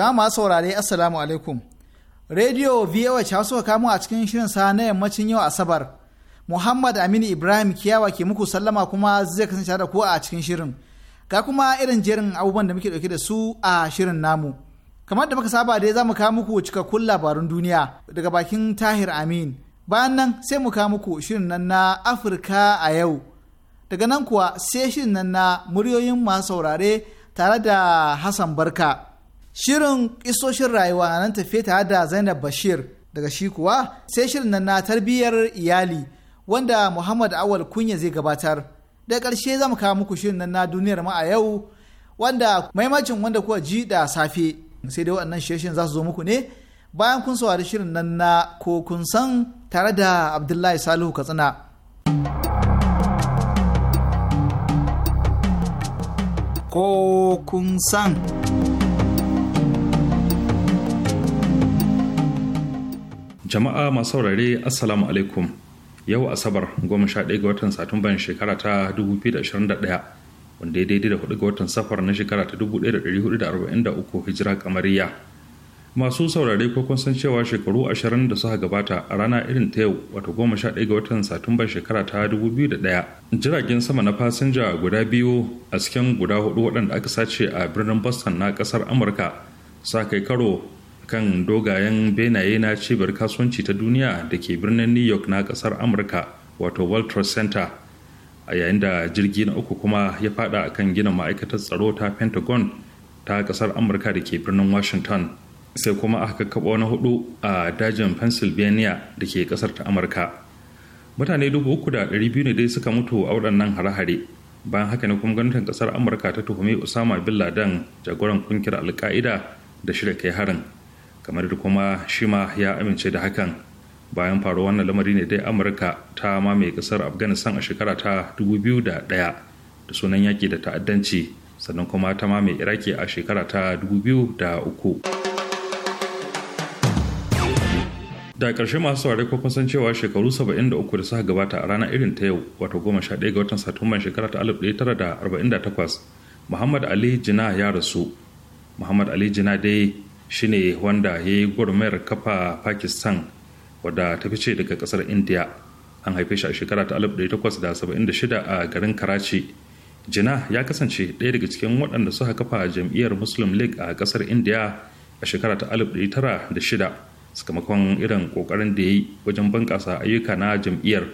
jama'a masu saurare assalamu alaikum rediyo voa ta suka kamo a cikin shirin sa na yammacin yau asabar muhammad aminu ibrahim kiyawa ke muku sallama kuma zai kasance da ku a cikin shirin ga kuma irin jerin abubuwan da muke dauke da su a shirin namu kamar da muka saba dai za mu kawo muku cikakkun labarun duniya daga bakin tahir amin bayan nan sai mu kawo muku shirin nan na afirka a yau daga nan kuwa sai shirin nan na muryoyin masu saurare tare da hassan barka Shirin isoshin rayuwa a nan tafiye tare da Zainab Bashir daga shi kuwa sai shirin nan na tarbiyyar iyali wanda Muhammad Awal Kunya zai gabatar. Da karshe za mu kawo muku shirin nan na duniyar ma a yau wanda maimacin wanda kuwa ji da safe sai dai waɗannan sheshin za su zo muku ne bayan kun saurari shirin nan na ko kun san tare da Abdullahi Salihu Katsina. Ko kun san. jama'a masu saurare assalamu alaikum yau asabar goma sha ɗaya ga watan satumban shekara ta 2021 wanda ya daidai da hudu ga watan safar na shekara ta 1443 hijira kamariya masu saurare ko kun san cewa shekaru 20 da suka gabata a rana irin ta yau wato ɗaya ga watan satumban shekara ta 2001 jiragen sama na fasinja guda biyu a cikin guda hudu waɗanda aka sace a birnin boston na ƙasar amurka sa kai karo kan dogayen benaye na cibiyar kasuwanci ta duniya da ke birnin new york na kasar amurka wato world trade center a yayin da jirgi na uku kuma ya fada kan gina ma'aikatar tsaro ta pentagon ta kasar amurka da ke birnin washington sai kuma aka kaba na hudu a dajin pennsylvania da ke kasar ta amurka mutane dubu uku da ɗari biyu ne dai suka mutu a waɗannan hare-hare bayan haka ne kuma gwamnatin kasar amurka ta tuhumi usama bin laden jagoran kungiyar alka'ida da shirya kai harin kamar da kuma shima ya amince da hakan bayan faruwar wannan lamari ne dai amurka ta mamaye kasar afghanistan a shekara ta 2001 da sunan yaƙi da ta'addanci sannan kuma ta mamaye iraki a shekara ta 2003 da ƙarshe masu saurari ko kusan cewa shekaru 73 da suka gabata a ranar irin ta yau wato 11 ga watan satumban shekara ta 1948 muhammad ali jina ya rasu muhammad ali jina dai shine wanda ya yi gwarmayar kafa pakistan wadda ta fice daga kasar india an haife shi a shekara ta 1876 a garin karachi jina ya kasance ɗaya daga cikin waɗanda suka kafa jam'iyyar muslim league a kasar india a shekara ta 1906 sakamakon irin ƙoƙarin da ya yi wajen bunƙasa ayyuka na jam'iyyar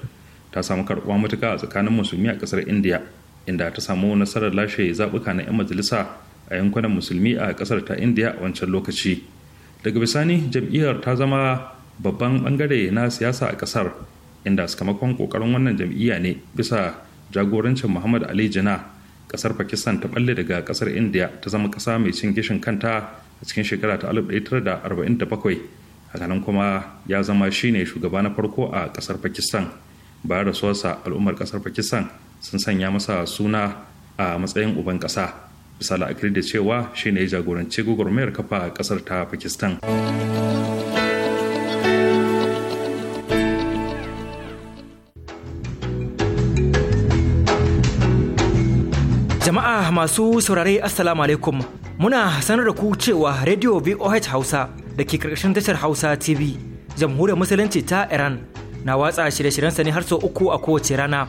ta samu karɓuwa matuka a tsakanin musulmi a kasar india inda ta samu nasarar lashe zaɓuka na 'yan majalisa a yankunan musulmi a kasar ta indiya a wancan lokaci daga bisani jam'iyyar ta zama babban bangare na siyasa a kasar inda sakamakon kokarin wannan jam'iyya ne bisa jagorancin muhammad ali jina kasar pakistan ta balle daga kasar indiya ta zama kasa mai cin gishin kanta a cikin shekara ta 1947 hakanan kuma ya zama shine shugaba na farko a kasar pakistan bayan rasuwarsa al'ummar kasar pakistan sun sanya masa suna a matsayin uban kasa misala akiri da cewa shine ya jagoranci mayar kafa a kasar ta pakistan jama'a masu saurare assalamu alaikum muna sanar da ku cewa radio voh hausa da ke karkashin tashar hausa tv jamhuriyar musulunci ta iran na watsa shirye shiryen ne har sau uku a kowace rana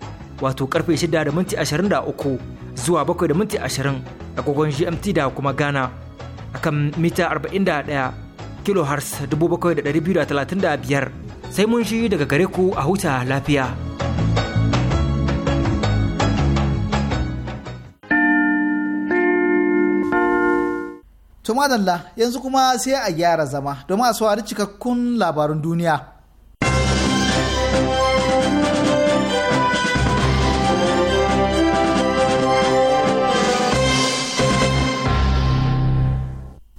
wato karfe 6 da minti 23 zuwa 7 da minti 20 agogon GMT da kuma Ghana akan mita 41 kilohertz 7,235 sai mun shi daga gare ku a huta lafiya. tumadalla yanzu kuma sai a gyara zama domin a saurari cikakkun labarun duniya.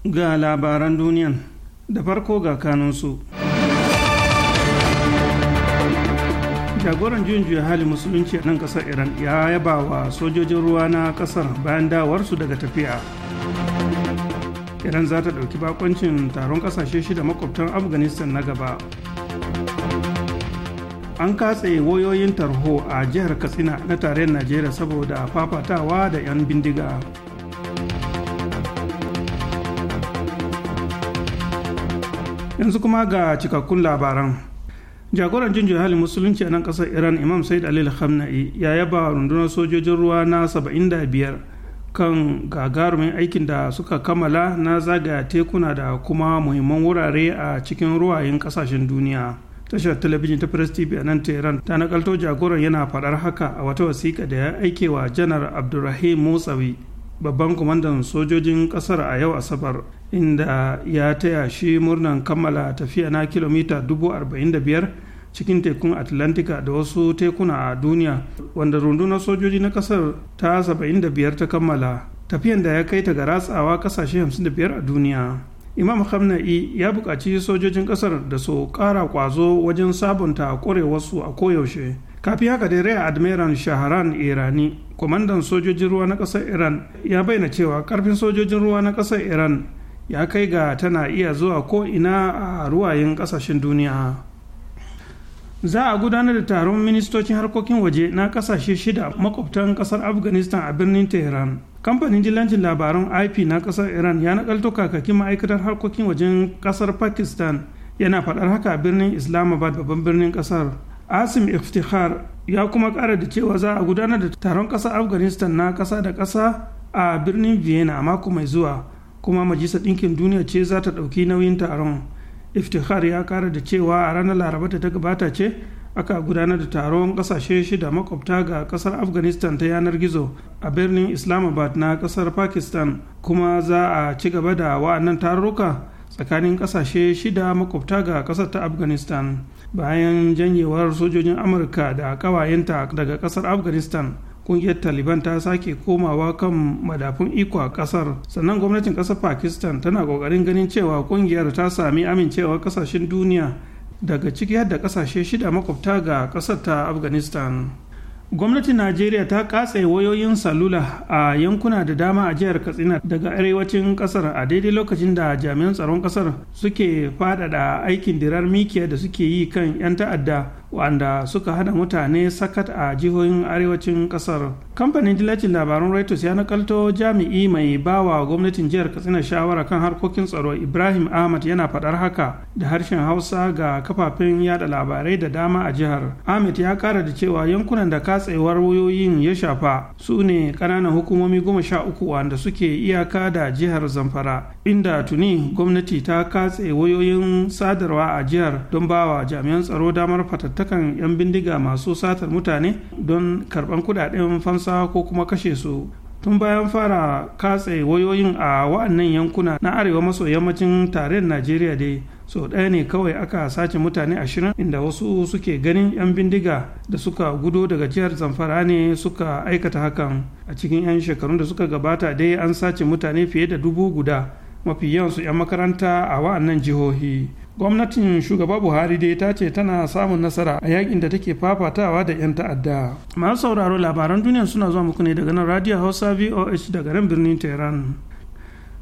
ga labaran duniyan da farko ga kanunsu jagoran juyin juya hali musulunci a nan kasar iran ya yaba wa sojojin ruwa na kasar bayan dawarsu daga tafiya iran za ta ɗauki bakoncin taron ƙasashe shida makwabtan afghanistan na gaba an katse wayoyin tarho a jihar katsina na tarayyar najeriya saboda fafatawa da 'yan bindiga yanzu kuma ga cikakkun labaran jagoran jinjin halin musulunci a nan kasar iran imam said alil hamna'i ya yaba rundunar sojojin ruwa na 75 kan gagarumin aikin da suka kammala na zagaya tekuna da kuma muhimman wurare a cikin ruwayen kasashen duniya tashar talabijin ta press tv a nan tehran ta nakalto jagoran yana faɗar haka a wata wasiƙa da ya aike wa janar abdulrahim motsawi babban kwamandan sojojin kasar a yau asabar inda ya taya shi murnan kammala tafiya na kilomita 45 cikin tekun atlantika da wasu tekuna a duniya wanda rundunar sojoji na kasar ta 75 ta kammala tafiyan da ya kai ta ga ratsawa kasashe 55 a duniya imam hamna'i ya buƙaci sojojin ƙasar da su ƙara ƙwazo wajen sabunta ƙwarewarsu a koyaushe kafin haka dai rai admiral shaharan irani kwamandan sojojin ruwa na ƙasar iran ya bayyana cewa ƙarfin sojojin ruwa na ƙasar iran ya kai ga tana iya zuwa ko ina a ruwayen ƙasashen duniya za a gudanar da taron ministocin harkokin waje na ƙasashe shida makwabtan ƙasar afghanistan a birnin tehran kamfanin jilancin labaran ip na ƙasar iran ya kalto kakakin ma'aikatar harkokin wajen ƙasar pakistan yana faɗar haka a birnin islamabad babban birnin ƙasar asim iftihar ya kuma kara da cewa za a gudanar da taron ƙasa afghanistan na ƙasa da ƙasa a birnin vienna a mako mai zuwa kuma majalisar ɗinkin duniya ce za ta ɗauki nauyin taron iftihar ya kara da cewa a ranar laraba ta gabata ce aka gudanar da taron ƙasashe shida makwabta ga ƙasar afghanistan ta yanar gizo a birnin islamabad na ƙasar pakistan kuma za a ci gaba da wa'annan tarurruka tsakanin ƙasashe shida makwabta ga ƙasar ta afghanistan bayan janyewar sojojin amurka da kawayenta daga kasar afghanistan kungiyar taliban ta sake komawa kan madafun iko a kasar sannan gwamnatin kasar pakistan tana kokarin ganin cewa kungiyar ta sami amincewa kasashen duniya daga ciki da kasashe shida makwabta ga kasar ta afghanistan gwamnatin najeriya ta katse wayoyin salula a yankuna da dama a jihar katsina daga arewacin kasar a daidai lokacin da jami'an tsaron kasar suke fadada aikin dirar mikiya da suke yi kan 'yan ta'adda wanda suka hada mutane sakat a jihohin arewacin kasar kamfanin dillacin labarun reuters ya nakalto jami'i mai bawa gwamnatin jihar katsina shawara kan harkokin tsaro ibrahim ahmad yana fadar haka da harshen hausa ga kafafen yada labarai da dama a jihar ahmad ya kara da cewa yankunan da katsewar wayoyin ya shafa su ne kananan hukumomi goma sha uku wanda suke iyaka da jihar zamfara inda tuni gwamnati ta katse wayoyin sadarwa a jihar don bawa jami'an tsaro damar fatatta takan 'yan bindiga masu satar mutane don karban kudaden fansa ko kuma kashe su tun bayan fara katse wayoyin a wa'annan yankuna na arewa maso yammacin tarayyar najeriya dai so ɗaya ne kawai aka sace mutane ashirin inda wasu suke ganin 'yan bindiga da suka gudo daga jihar zamfara ne suka aikata hakan a cikin 'yan shekarun da suka gabata dai an sace mutane fiye da dubu guda mafi yawansu 'yan makaranta a wa'annan jihohi gwamnatin shugaba buhari dai ta ce tana samun nasara a yakin da take fafatawa da 'yan ta'adda masu sauraro labaran duniya suna zuwa muku ne daga nan radio hausa voh daga nan birnin tehran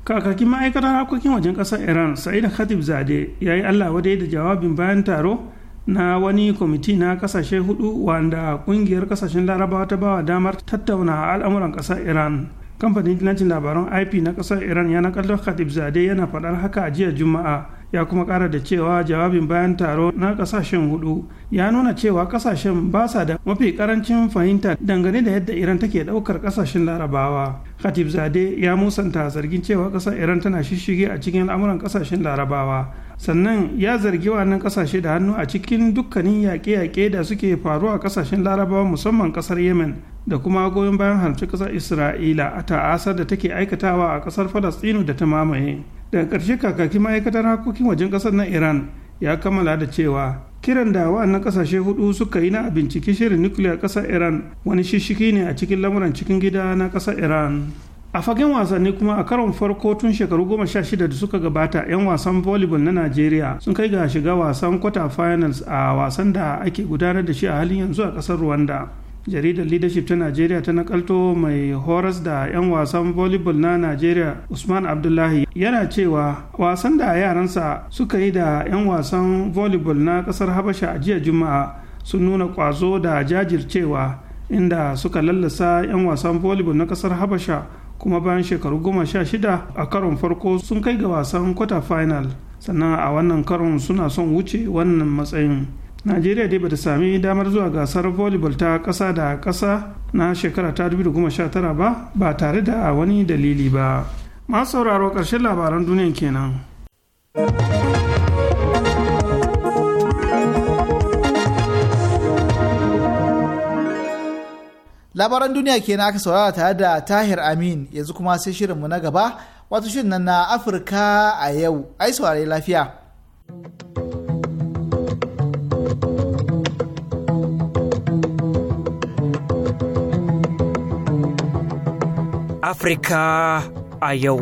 kakakin ma'aikatar harkokin wajen ƙasar iran sa'id khatib zade ya yi allah wadai da jawabin bayan taro na wani kwamiti na kasashe hudu wanda kungiyar kasashen larabawa ta bawa damar tattauna al'amuran ƙasar iran kamfanin dinacin labaran ip na ƙasar iran ya nakallar khatib zade yana faɗar haka a jiya juma'a ya kuma kara da cewa jawabin bayan taro na kasashen hudu ya nuna cewa kasashen ba sa da mafi karancin fahimta dangane da yadda iran take daukar kasashen larabawa khatib zade ya musanta zargin cewa kasar iran tana shishige a cikin al'amuran kasashen larabawa sannan ya zargi wannan kasashe da hannu a cikin dukkanin yaƙe-yaƙe da suke faruwa a kasashen larabawa musamman kasar yemen da kuma goyon bayan harci kasar isra'ila a ta'asar da take aikatawa a kasar falastinu da ta mamaye daga ƙarshe kakaki ma'aikatar harkokin wajen ƙasar na iran ya kammala da cewa kiran da wa'annan kasashe hudu suka yi na bincike shirin nukiliyar ƙasar iran wani shishiki ne a cikin lamuran cikin gida na ƙasar iran a fagen wasanni kuma a karon farko tun shekaru goma sha shida da suka gabata 'yan wasan volleyball na najeriya sun kai ga shiga wasan quarter finals a wasan da ake gudanar da shi a halin yanzu a ƙasar rwanda jaridar leadership ta najeriya ta nakalto mai horas da 'yan wasan volleyball na najeriya usman abdullahi yana cewa wasan da yaransa suka yi da 'yan wasan volleyball na kasar habasha a jiya juma'a sun nuna kwazo da jajircewa inda suka lallasa 'yan wasan volleyball na kasar habasha kuma bayan shekaru goma sha shida a karon farko sun kai ga wasan quarter final sannan a wannan karon suna son wuce wannan matsayin najeriya dai bata sami damar zuwa gasar volleyball ta kasa da kasa na shekara ta 2019 ba ba tare da wani dalili ba masu sauraro ƙarshen labaran duniyan kenan. labaran duniya kenan aka saurara tare da tahir amin yanzu kuma sai shirinmu na gaba wato shirin na afirka a yau ai saurari lafiya Afirka a yau.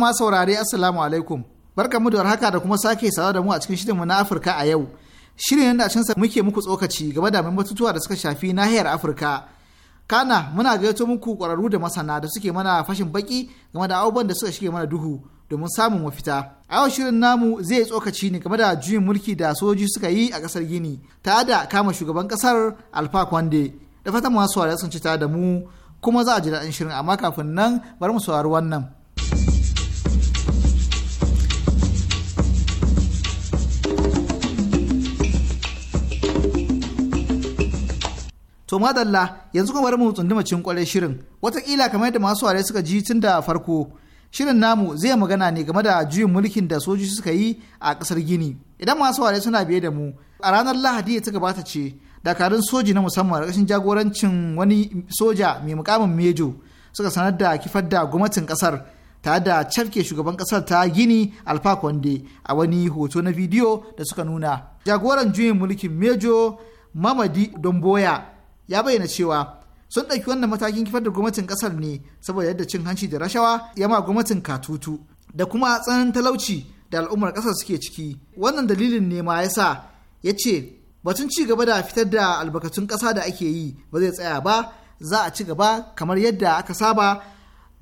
ma saurare Assalamu alaikum. Barka da haka da kuma sake sawa da mu a cikin shirinmu na Afirka a yau. Shirin yadda cin sa muke muku tsokaci game da batutuwa da suka shafi nahiyar Afirka. Kana muna gayyato muku ƙwararru da masana da suke mana fashin baki game da abubuwan da suka shige mana duhu domin samun mafita. A yau shirin namu zai tsokaci ne game da juyin mulki da sojoji suka yi a ƙasar Gini, Ta da kama shugaban ƙasar Alfa Kwande. da fatan masu wari sun ci da mu kuma za a ji daɗin shirin amma kafin nan bari mu saurari wannan. To madalla yanzu kuma bari mu tsunduma cin kwarai shirin watakila kamar yadda masu ware suka ji tun da farko shirin namu zai magana ne game da juyin mulkin da soji suka yi a kasar Gini idan masu ware suna biye da mu a ranar Lahadi ta gabata ce dakarun soji na musamman ƙarshen jagorancin wani soja mai mukamin mejo suka sanar da kifar da gwamnatin ƙasar ta da cafke shugaban ƙasar ta gini alfa konde a wani hoto na bidiyo da suka nuna jagoran juyin mulkin mejo mamadi domboya ya bayyana cewa sun ɗauki wannan matakin kifar da gwamnatin ƙasar ne saboda yadda cin hanci da rashawa ya ma gwamnatin katutu da kuma tsananin talauci da al'ummar ƙasar suke ciki wannan dalilin ne ma ya sa, ya ce batun ci gaba da fitar da albarkatun ƙasa da ake yi ba zai tsaya ba za a ci gaba kamar yadda aka saba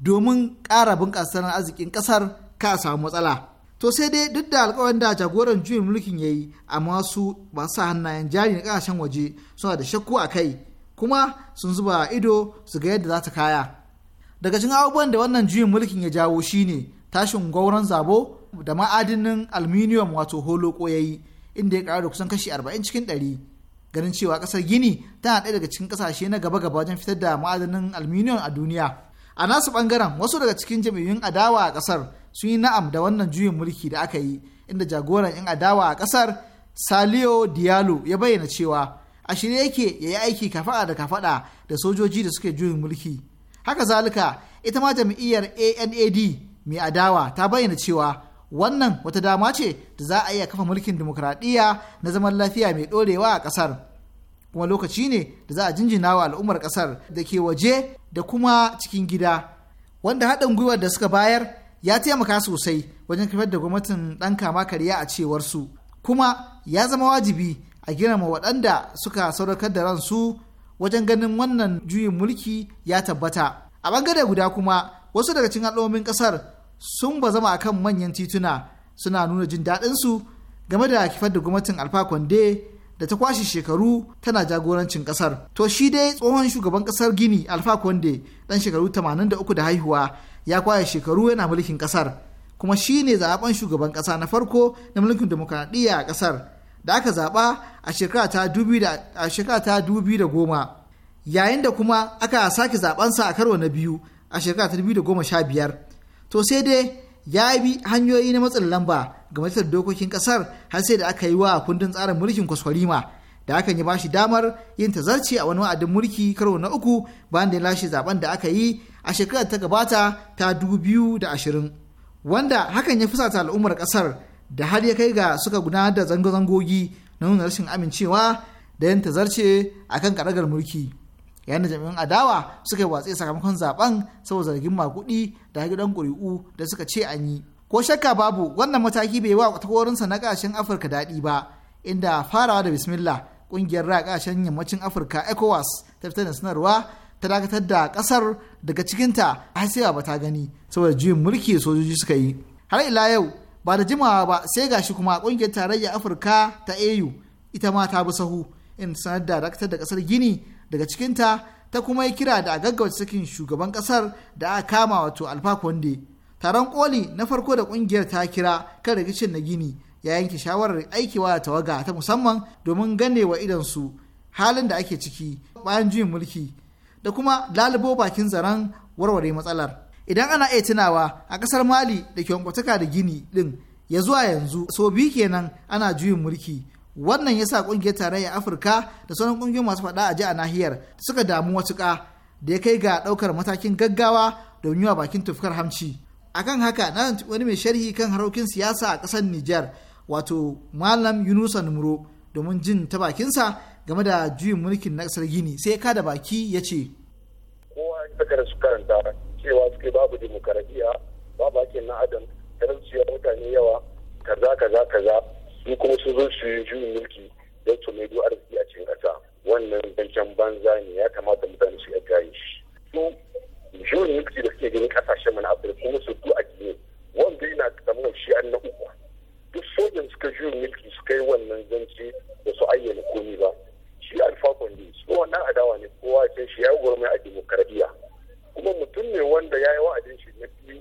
domin ƙara bunƙasa arzikin ƙasar ka samu matsala to sai dai duk da alƙawarin da jagoran juyin mulkin ya yi amma su masu hannayen jari na ƙasashen waje suna da shakku a kai kuma sun zuba ido su ga yadda za ta kaya daga cikin abubuwan da wannan juyin mulkin ya jawo shine tashin gwauron zabo da ma'adinin aluminium wato ko ya yi inda ya ƙara kusan kashi 40 cikin 100 ganin cewa ƙasar gini tana ɗaya daga cikin ƙasashe na gaba-gaba wajen fitar da ma'adanin aluminium a duniya a nasu ɓangaren wasu daga cikin jam'iyyun adawa a ƙasar sun yi na'am da wannan juyin mulki da aka yi inda jagoran 'yan adawa a ƙasar salio diallo ya bayyana cewa a shirye yake ya yi aiki kafaɗa da kafaɗa da sojoji da suke juyin mulki haka zalika ita ma jam'iyyar anad mai adawa ta bayyana cewa wannan wata dama ce da za a iya kafa mulkin dimokuraɗiyya na zaman lafiya mai ɗorewa a ƙasar kuma lokaci ne da za a jinjina wa al'ummar ƙasar da ke waje da kuma cikin gida wanda haɗin gwiwar da suka bayar ya taimaka sosai wajen kafar da gwamnatin ɗan kama karya a cewar su kuma ya zama wajibi a girma waɗanda suka sadaukar da ransu wajen ganin wannan juyin mulki ya tabbata a ɓangare guda kuma wasu daga cikin al'ummomin ƙasar sun ba zama akan manyan tituna suna nuna jin daɗinsu game da kifar da gwamnatin alfa konde da ta kwashe shekaru tana jagorancin kasar. To shi dai tsohon shugaban kasar Gini Alfa Konde dan shekaru 83 da haihuwa ya kwaya shekaru yana mulkin kasar kuma shi ne zaben shugaban kasa na farko na mulkin demokradiyya a kasar da aka zaba a shekara ta dubi da goma yayin da kuma aka sake zaɓensa a karo na biyu a shekara ta biyar to sai dai ya bi hanyoyi na matsin lamba ga majalisar dokokin kasar har sai da aka yi wa kundin tsarin mulkin kwaskwarima da yi yi bashi damar yin tazarci a wani wa'adin mulki karo na uku bayan da ya lashe zaben da aka yi a shekarar ta gabata ta da ashirin wanda hakan ya fusata al'ummar kasar da har ya kai ga suka gudanar da zango-zangogi na nuna rashin amincewa da yin tazarce akan karagar mulki. yayin da jami'an adawa suka yi watsi sakamakon zaben saboda zargin makudi da gidan ƙuri'u da suka ce an yi ko shakka babu wannan mataki bai wa takorinsa na ƙasashen afirka daɗi ba inda farawa da bismillah ƙungiyar ra ƙasashen yammacin afirka ecowas ta fitar da sanarwa ta dakatar da ƙasar daga cikinta har sai ba ta gani saboda juyin mulki sojoji suka yi har ila yau ba da jimawa ba sai gashi kuma ƙungiyar tarayyar afirka ta au ita ma ta bi sahu in sanar da dakatar da ƙasar gini daga cikinta ta kuma yi kira da a gaggauta sakin shugaban kasar da aka kama wato alfa konde taron koli na farko da kungiyar ta kira kan rikicin na gini ya yanke shawarar aikewa da tawaga ta musamman domin ganewa idansu halin da ake ciki bayan juyin mulki da kuma lalubo bakin zaren warware matsalar idan ana iya tunawa a kasar mali da ke da gini din ya zuwa yanzu so biyu kenan ana juyin mulki wannan ya sa ƙungiyar tarayyar afirka da sauran ƙungiyoyi masu faɗa a ji a nahiyar suka damu matuƙa da ya kai ga ɗaukar matakin gaggawa domin yiwa bakin tufkar hamci akan haka na wani mai sharhi kan harokin siyasa a ƙasar niger wato malam yunusa numuro domin jin ta bakinsa game da juyin mulkin na ƙasar gini sai ka da baki ya ce kowa ya ta su karanta cewa suke babu demokaradiyya babu hakin na adam talauciyar mutane yawa kaza kaza kaza in kuma sun zo su juyin mulki don su maido arziki a cikin ƙasa wannan zancen banza ne ya kamata mutane su ya gaye shi su juyin mulki da suke ganin ƙasashen mana afirka kuma su du a gine wanda yana tsammanin shi an na uku duk sojan suka juyin mulki suka yi wannan zance da su ayyana komi ba shi alfa kwande su wannan adawa ne kowa can shi ya gurme a demokaradiyya kuma mutum ne wanda ya yi wa'adin shi na biyu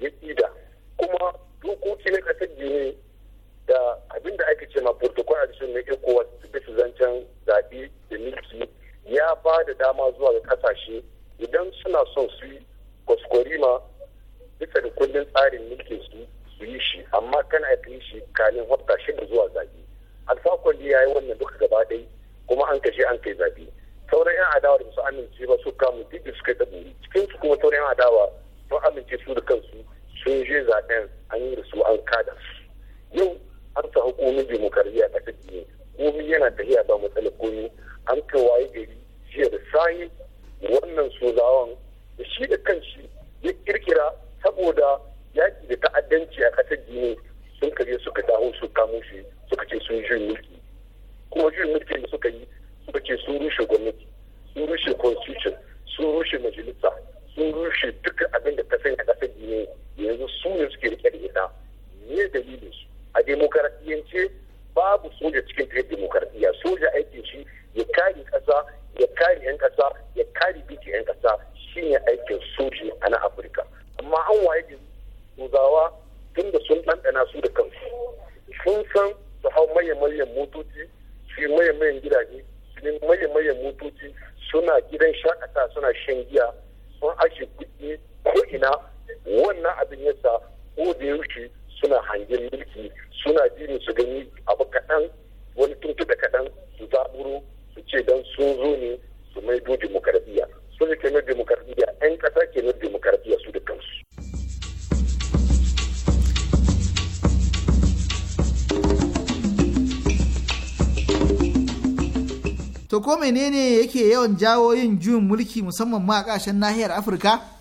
ya ƙida kuma dokoki na ƙasar gine da abin da ake ce ma protocol addition na ecowas bisa zancen zaɓe da milki ya ba da dama zuwa ga kasashe idan suna son su yi kwaskwarima bisa da kundin tsarin mulkin su su yi shi amma kana ya yi shi kanin hafta shida zuwa zaɓe alfakon ya yi wannan duka gaba ɗai kuma an kashe an kai zaɓe sauran yan adawa da su amince ba su kamu duk suka da cikin su kuma sauran yan adawa sun amince su da kansu sun je zaɓen an yi da su an kada su yau an ta hukumin demokaradiyya a ƙasar ne komi yana tafiya ba matsala komi an ka waye gari jiya da sayi wannan sojawan da shi da kanshi ya kirkira saboda yaki da ta'addanci a ƙasar gini sun kare suka dawo su kamo shi suka ce sun juyin mulki kuma juyin mulki da suka yi suka ce sun rushe gwamnati sun rushe constitution sun rushe majalisa sun rushe duka abin da ta sanya ƙasar gini yanzu su ne suke rike da ita ne dalilin su a demokaradiyance babu soja cikin tafiyar demokaradiyya soja aikin shi ya kare kasa ya kare 'yan kasa ya kare biki 'yan ƙasa shine aikin soji a na afirka amma an waye da tuzawa tun da sun ɗanɗana su da kansu sun san su hau maye-mayen motoci su yi maye-mayen gidaje su yi maye-mayen motoci suna gidan shakata suna shan giya sun yake yawan jawo yin juyin mulki musamman ma a ƙasashen nahiyar afirka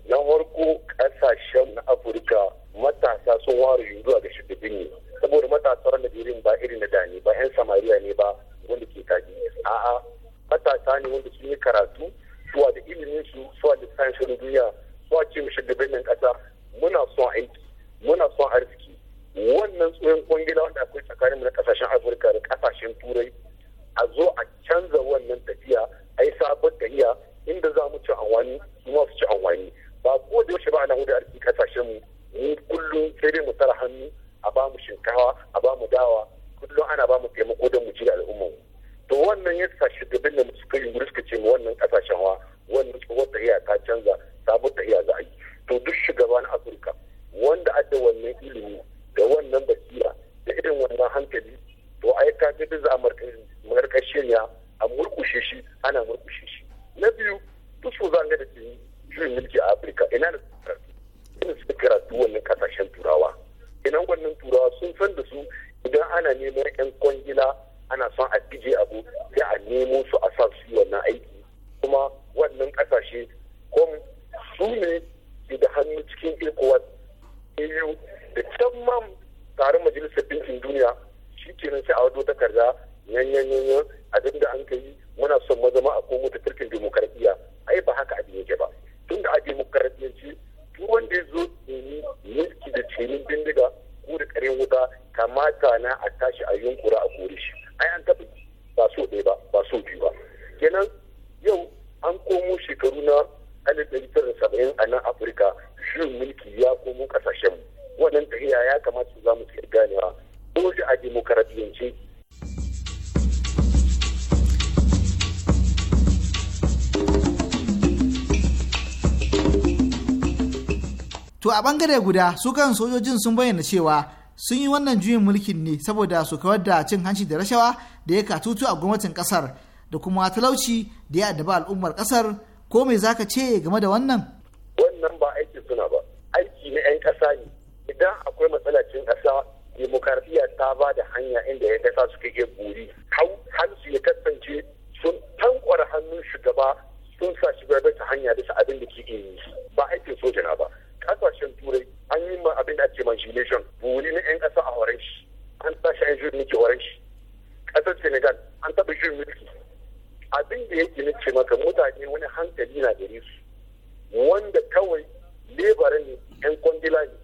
takardu takarda yanyan yanyan abin da an ka yi muna son mazama a komo ta turkin demokaradiyya ai ba haka abin yake ba tun da a demokaradiyyance duk wanda ya zo tsini mulki da cinin bindiga ko da karen wuta kamata na a tashi a yunkura a kore shi ai an taɓa ba so ɗaya ba ba so biyu ba kenan yau an komo shekaru na alif ɗari tara saba'in a nan afirka shirin mulki ya komo ƙasashen wannan tahiya ya kamata za mu ganewa a democracia a si. To a bangare guda su sojojin sun bayyana cewa sun yi wannan juyin mulkin ne saboda su kawar da cin hanci da rashawa da ya katutu a gwamnatin kasar da kuma talauci da ya addaba al'ummar kasar ko me ka ce game da wannan? Wannan ba aiki suna ba aiki na 'yan ƙasa ne idan akwai cin ƙasa demokaradiyya ta ba da hanya inda ya kasa suke iya buri har su ya kasance sun tankwara hannun shugaba sun sa shi ta hanya da abin da ke yi ba aikin soja na ba kasashen turai an yi ma abin da ake manjination buri na yan kasa a orange? shi an sa shi an juyin orange. horon shi kasar senegal an taɓa shi mulki abin da yake ce maka mutane wani hankali na gare su wanda kawai lebara ne yan kwangila ne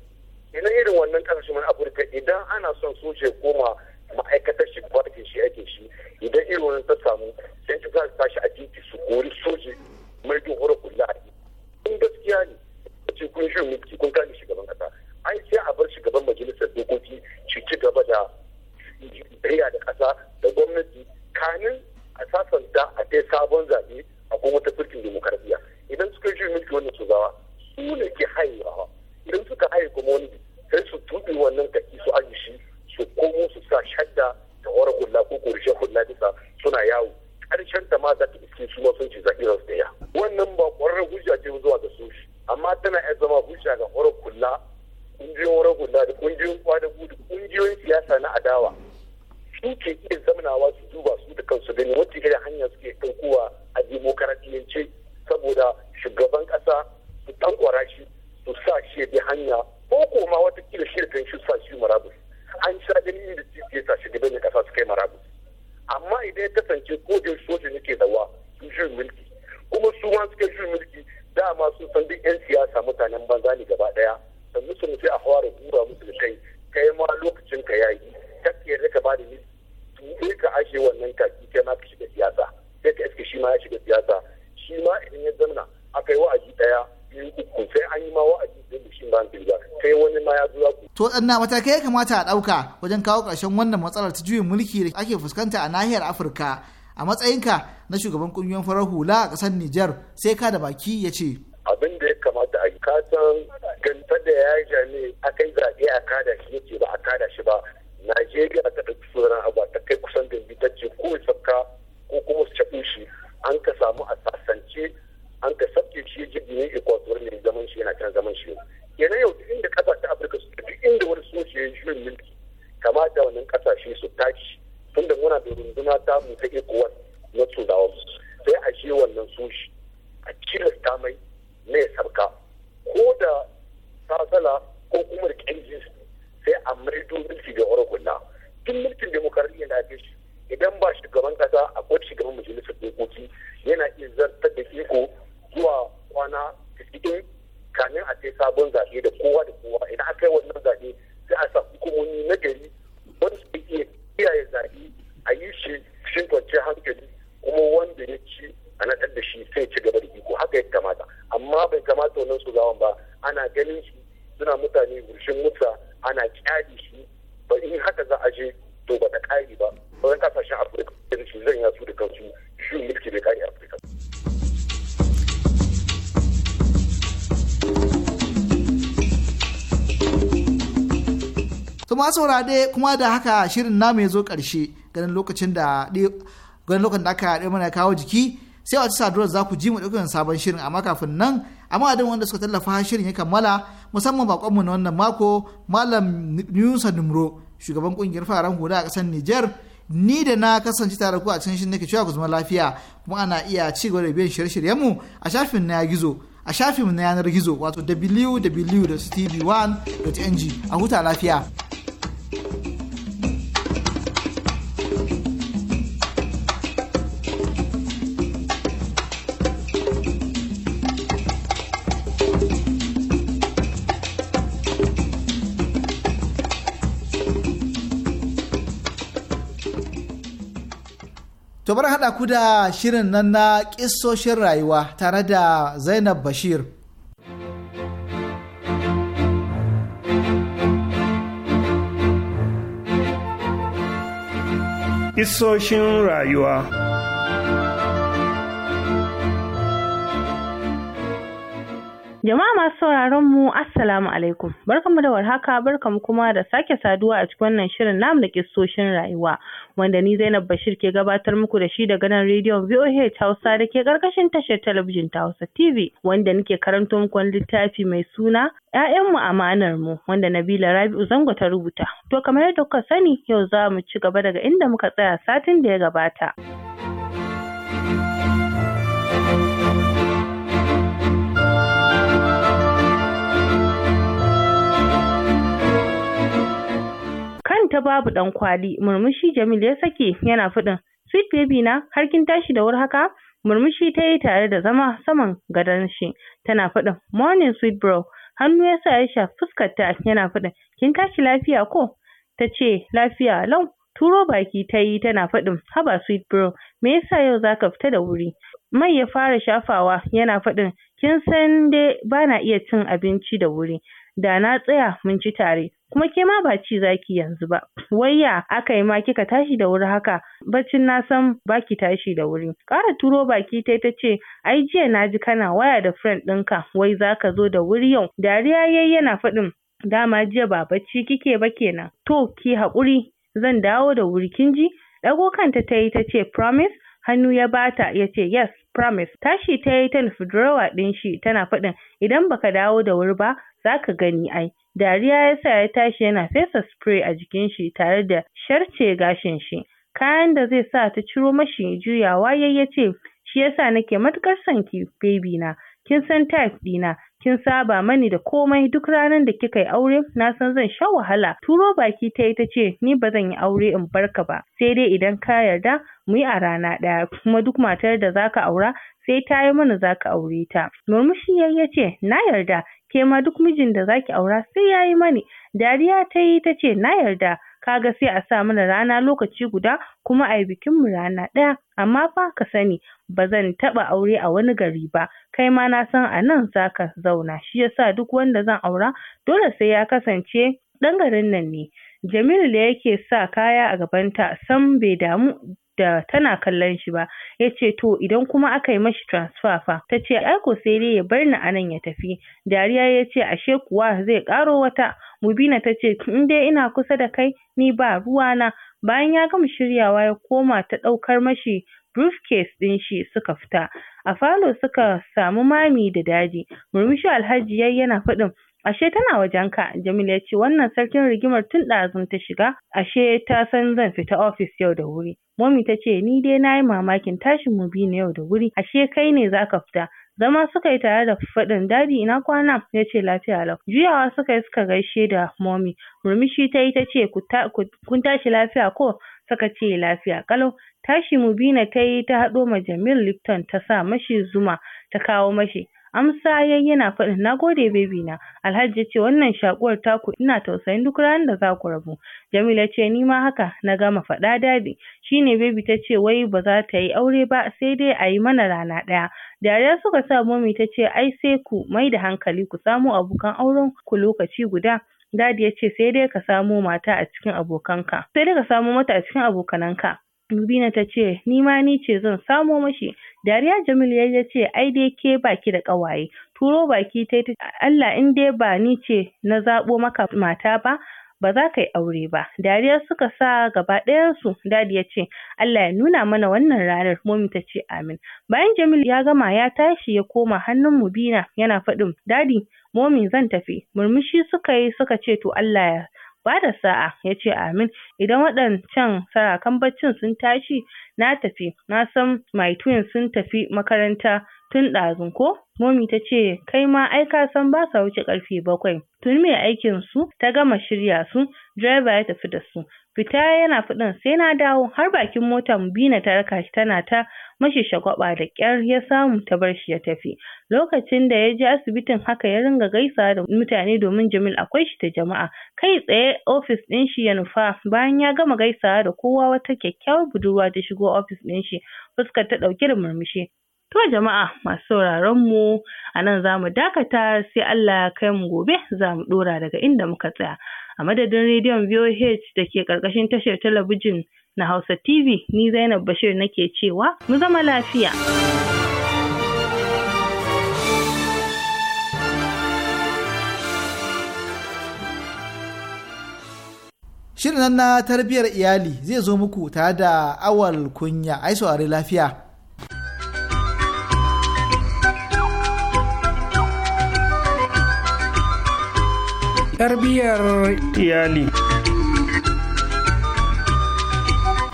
ina irin wannan karshen na afirka idan ana son ce koma ma'aikatar shi gwamnatin shi ake shi idan irin wannan ta samu sai ta za su tashi a titi su kori soji mai duk hura kula a in gaskiya ne ce kun shi mulki kun kani shugaban kasa ai sai a bar shugaban majalisar dokoki shi ci gaba da riya da kasa da gwamnati kanin a sasanta a kai sabon zaɓe a kuma tafarkin demokaradiyya idan suka yi mulki wannan su zawa su ne ke haihuwa idan suka haye kuma wani sai su tuɗe wannan kaki su aji su komo su sa shadda da wara ko ƙorshen hula bisa suna yawo ƙarshen ta ma za ta iske su ma sun ci zaɓi ransu wannan ba ƙwararren hujja ce zuwa da su amma tana iya zama hujja ga wara hula ƙungiyoyin wara da ƙungiyoyin kwadagu da ƙungiyoyin siyasa na adawa su ke iya zamanawa su duba su da kansu gani wacce irin hanya suke ɗaukowa a demokaradiyyance saboda shugaban ƙasa su ƙwara shi su sa shi bi hanya ko kuma kila shirkan shi sa shi marabus an sha ni da ke sa shi bane kasa su kai marabus amma idan ya kasance ko da soja nake wa su shi mulki kuma su ma suke shi mulki dama sun san duk yan siyasa mutanen banza ne gaba daya da musu mu a fara gura musu da kai kai ma lokacin ka yayi kake da ka bada da ni ka ashe wannan kaki kai ma ka shiga siyasa sai ka iske shi ma ya shiga siyasa shi ma idan ya zamana akai wa'azi daya uku sai an yi ma wa'azi da shi ma ba kai wani ma ya zuwa ku. to na matakai ya kamata a ɗauka wajen kawo ƙarshen wannan matsalar ta juyin mulki da ake fuskanta a nahiyar afirka a matsayinka na shugaban ƙungiyar farar hula a ƙasar nijar sai ka da baki ya ce. abin da ya kamata a yi kasan ganta da ya jami a kai zaɓe a kada shi yake ba a kada shi ba najeriya ta ɗauki suna abu ta kai kusan gambi ta ce ko sakka ko kuma su shi an ka samu a sasance an ka sabke shi jirgi ne ecuador ne zaman shi yana kan zaman shi kenan yau duk inda ta afirka su duk inda wani soci ya shirin mulki kamata wannan kasashe su tashi tunda muna da runduna ta mu ta ecuador na turawa sai a je wannan soci a cilasta mai ya sabka ko da sasala ko kuma da kyanjin sai a maido mulki da horokulla tun mulkin demokaradiyya na fi idan ba saurare kuma da haka shirin namu ya zo ƙarshe ganin lokacin da ganin lokacin da aka yi mana kawo jiki sai wata saduwar za ku ji mu ɗaukar sabon shirin amma kafin nan amma adin wanda suka tallafa shirin ya kammala musamman bakonmu na wannan mako malam nusa Numro shugaban kungiyar fararen hula a ƙasar niger ni da na kasance tare ku a cikin shirin nake cewa ku zama lafiya kuma ana iya ci gaba da biyan shirye-shiryenmu a shafin na gizo a shafin na yanar gizo wato www.tv1.ng a huta lafiya. To bar haɗa ku da shirin nan na ƙisoshin rayuwa tare da Zainab Bashir. Ƙisoshin rayuwa Jama'a masu sauraron mu Assalamu alaikum. Barkanmu da warhaka, mu kuma da sake saduwa a cikin wannan shirin namu da kissoshin rayuwa wanda ni Zainab Bashir ke gabatar muku da shi daga nan rediyon VOH Hausa da ke karkashin tashar talabijin ta Hausa TV wanda nake karanto muku littafi mai suna ‘Ya'yanmu amanar mu wanda Nabila Rabi'u Zango ta rubuta. To kamar yadda kuka sani yau za mu ci gaba daga inda muka tsaya satin da ya gabata. ta babu ɗan kwali murmushi Jamil ya sake yana faɗin sweet baby na har kin tashi da wuri haka murmushi ta yi tare da zama saman gadon shi tana faɗin morning sweet bro hannu ya sa ya shafi fuskar ta yana faɗin kin tashi lafiya ko ta ce lafiya lau turo baki ta yi tana faɗin haba sweet bro me yasa yau zaka fita da wuri mai ya fara shafawa yana faɗin kin san dai bana iya cin abinci da wuri da na tsaya mun ci tare kuma ke ma ba ci zaki yanzu ba wayya aka yi ma kika tashi da wuri haka baccin na san baki tashi da wuri ƙara turo baki tai ta ce ai jiya na ji kana waya da friend ɗinka wai zaka zo da wuri yau dariya yayi yana faɗin dama jiya ba bacci kike ba kenan to ki haƙuri zan dawo da wuri kin ji ɗago kanta ta yi ta ce promise hannu ya bata ya ce yes promise tashi ta yi ta nufi drawer ɗin shi tana faɗin idan baka dawo da wuri ba zaka gani ai Dariya ya sa ya tashi yana fesa spray a jikin shi tare da sharce gashin shi. Kayan da zai sa ta ciro mashi juyawa yayyace, shi yasa nake matuƙar son ki baby na, kin san type ɗina. kin saba mani da komai duk ranar da kika yi aure na san zan sha wahala turo baki ta yi ta ce ni ba zan yi aure in barka ba sai dai idan ka yarda mu yi a rana ɗaya kuma duk matar da zaka aura sai ta yi mana zaka aure ta murmushi ya ce na yarda ke ma duk mijin da zaki aura sai ya yi mani dariya ta yi ta ce na yarda kaga sai a sa mana rana lokaci guda kuma ayi bikin mu rana ɗaya amma fa ka sani ba zan taɓa aure a wani gari ba kai ma na san a nan zaka zauna shi yasa duk wanda zan aura dole sai ya kasance ɗan garin nan ne Jamilu da yake sa kaya a gabanta sam bai damu da tana kallon shi ba ya ce to idan kuma aka yi mashi transfer fa ta ce aiko sai dai ya bar ni anan ya tafi dariya ya ce ashe kuwa zai ƙaro wata Mubina ta ce, in dai ina kusa da kai, ni ba ruwa na. Bayan ya gama shiryawa ya koma ta ɗaukar mashi briefcase ɗin shi suka fita. A falo suka samu mami da daji. Murmushi Alhaji yayi yana faɗin ashe tana ka, Jamilu ya ce wannan sarkin rigimar tun ɗazun ta shiga ashe ta san zan fita ofis yau da wuri Momi ta ce ni dai na yi mamakin tashin mu bina yau da wuri ashe kai ne zaka fita Zama suka yi tare da faɗin daɗi ina kwana yace lafiya lau. Juyawa suka suka gaishe da mommy. Murmushi ta yi ta ce kun tashi lafiya ko? Suka ce lafiya kalau. Tashi mu ta yi ta haɗo ma Jamil Lipton ta sa mashi zuma ta kawo mashi. amsa yayi yana faɗin nagode baby na alhaji yace wannan shakuwar taku ina tausayin duk ranar da za ku rabu jamila ce nima haka na gama faɗa dadi shine baby tace wai ba za ta yi aure ba sai dai a yi mana rana ɗaya dariya suka sa momi tace ai sai ku mai da hankali ku samo abokan auren ku lokaci guda dadi yace sai dai ka samo mata a cikin abokanka sai dai ka samo mata a cikin abokananka Rubina ta ce, ni ma ni ce zan samo mashi. Dariya Jamilu ya ce, ai dai ke baki da ƙawaye. Turo baki ta yi Allah in dai ba ni ce na zaɓo maka mata ba, ba za ka yi aure ba. Dariya suka sa gaba ɗayansu, dadi ya ce, Allah ya nuna mana wannan ranar, momi ta ce amin. Bayan Jamilu ya gama ya tashi ya koma hannun Mubina yana faɗin, dadi, momi zan tafi. Murmushi suka yi suka ce to Allah ya ba da sa'a ya ce amin idan waɗancan sarakan baccin sun tashi na tafi na san my twins sun tafi makaranta tun ɗazun ko? Momi ta ce kai ma ai ka san ba sa wuce ƙarfe bakwai. Tun mai aikin su ta gama shirya su direba ya tafi da su. fita yana faɗin sai na dawo har bakin mota Mubina ta raka shi tana ta mashi shagwaba da ƙyar ya samu ta bar shi ya tafi lokacin da ya je asibitin haka ya ringa gaisawa da mutane domin Jamil akwai shi ta jama'a kai tsaye ofis ɗin shi ya nufa bayan ya gama gaisawa da kowa wata kyakkyawar budurwa ta shigo ofis ɗin shi fuskar ta ɗauke da murmushi to jama'a masu sauraron mu a nan za mu dakata sai Allah ya kai mu gobe za mu ɗora daga inda muka tsaya a madadin rediyon VOH da ke ƙarƙashin tashar talabijin na Hausa TV ni Zainab Bashir nake cewa mu zama lafiya. Shirin na tarbiyyar iyali zai zo muku tare da awal kunya ai saurari lafiya. tarbiyyar iyali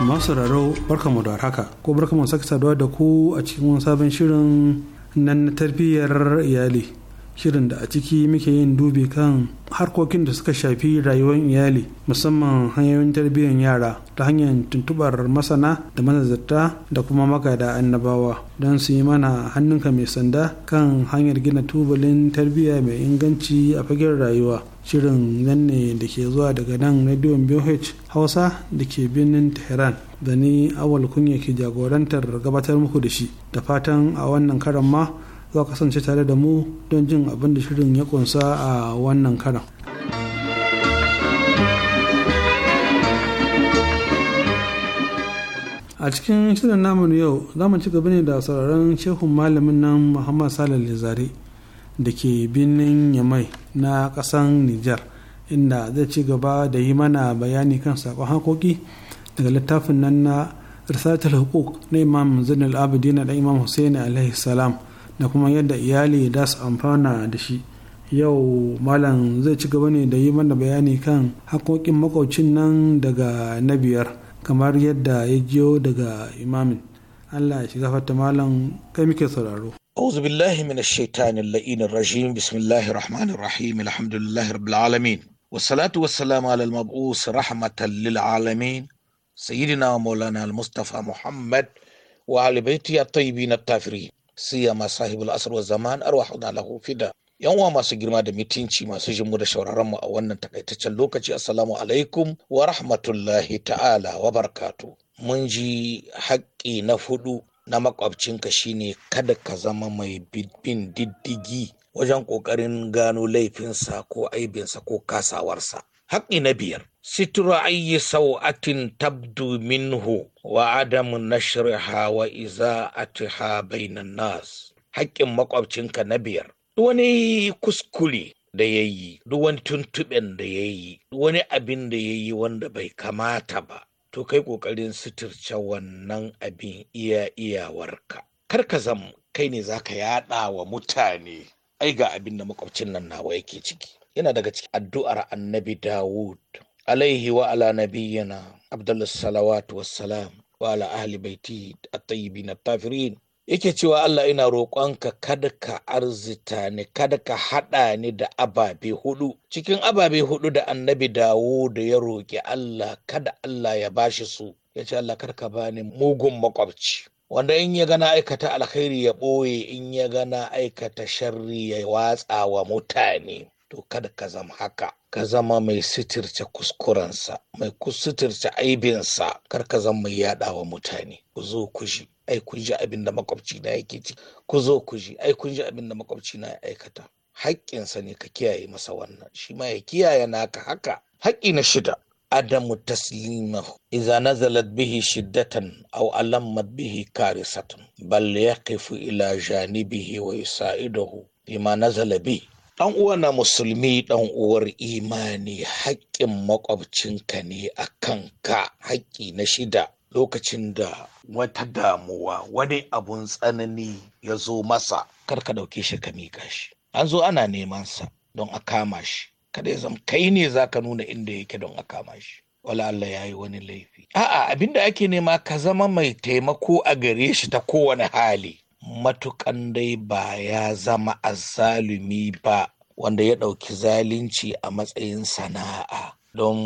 masu raro barkamu da haka ko barka barkamu sake saduwa da ku a cikin sabon shirin nan na tarbiyyar iyali shirin da a ciki muke yin dubi kan harkokin da suka shafi rayuwar iyali musamman hanyoyin tarbiyyar yara ta hanyar tuntubar masana da manazarta da kuma maka da annabawa don su yi mana hannunka mai sanda kan hanyar gina tubalin tarbiyya mai inganci a fagen rayuwa shirin nan da ke zuwa daga nan rediyon BH Hausa da ke birnin Tehran da ni awal kunya ke jagorantar gabatar muku da shi da fatan a wannan karan ma za kasance tare da mu don jin abin da shirin ya kunsa a wannan karan. a cikin shirin namun yau za mu ci gaba ne da sauraron shehun malamin nan muhammad salih lizari da ke birnin yamai na kasan nijar inda zai ci gaba da yi mana bayani kan sakon hakoki daga littafin nan na risatar hukuk na imam zainal abidin da imam hussein alaihi salam da kuma yadda iyali da su amfana da shi yau malam zai ci gaba ne da yi mana bayani kan haƙoƙin makwacin nan daga na biyar kamar yadda ya jiyo daga imamin allah ya shiga fata malam kai muke sauraro أعوذ بالله من الشيطان اللئين الرجيم بسم الله الرحمن الرحيم الحمد لله رب العالمين والصلاة والسلام على المبعوث رحمة للعالمين سيدنا مولانا المصطفى محمد وعلى بيته الطيبين الطاهرين siyama sahibul asr wa zaman arwahuna lahu fida yan uwa masu girma da mitinci masu jin mu da shauraron mu a wannan takaitaccen lokaci assalamu alaikum wa rahmatullahi ta'ala wa barakatu mun ji haƙƙi na hudu na makwabcinka shine kada ka zama mai bin diddigi wajen ƙoƙarin gano laifinsa ko aibinsa ko kasawarsa haƙƙi na biyar sitru ayyi sau'atin tabdu minhu wa adamu nashriha wa iza'atiha bainan nas haƙƙin makwabcinka na biyar wani kuskure da ya yi wani tuntuɓen da ya yi wani abin da ya yi wanda bai kamata ba to kai ƙoƙarin suturce wannan abin iya iyawarka kar ka zam kai ne za ka yaɗa wa mutane ai ga abin da makwabcin nan nawa yake ciki yana daga cikin addu'ar annabi dawud alaihi wa ala nabiyyina abdullah wa salam wa ala ahli baiti at-tayyibin at-tafirin yake cewa Allah ina roƙonka kada ka arzita ni kada ka haɗa ni da ababe hudu cikin ababe hudu da annabi dawo da ya roƙi Allah kada Allah ya bashi su ya ce Allah kada ka bani mugun makwabci wanda in ya gana aikata alkhairi ya ɓoye in ya gana aikata sharri ya watsa wa mutane to kada ka zama haka ka zama mai sitirce kuskurensa mai sitirce aibinsa kar ka zama mai yada wa mutane ku zo ku ji ai kun ji abin da makwabci na yake ci ku zo ku ji ai kun ji abin da makwabci na ya aikata haƙƙinsa ne ka kiyaye masa wannan shi ma ya kiyaye naka haka haƙƙi na shida adamu taslimahu idza nazalat bihi shiddatan aw alammat bihi karisatan bal yaqifu ila janibihi wa yusa'iduhu bima nazala bihi Ɗan uwa na musulmi ɗan uwar imani haƙƙin makwabcinka ne a kanka haƙƙi na shida lokacin da wata damuwa wani abun tsanani ya zo masa Kar ka ɗauke shi ka miƙa shi an zo ana neman sa don a kama shi kada ya zama kai ne za ka nuna inda yake don a kama shi wala Allah ya yi wani laifi a'a abinda ake nema ka zama mai taimako a gare shi ta kowane hali matukan dai ba ya zama azzalumi ba wanda ya ɗauki zalunci a matsayin sana'a don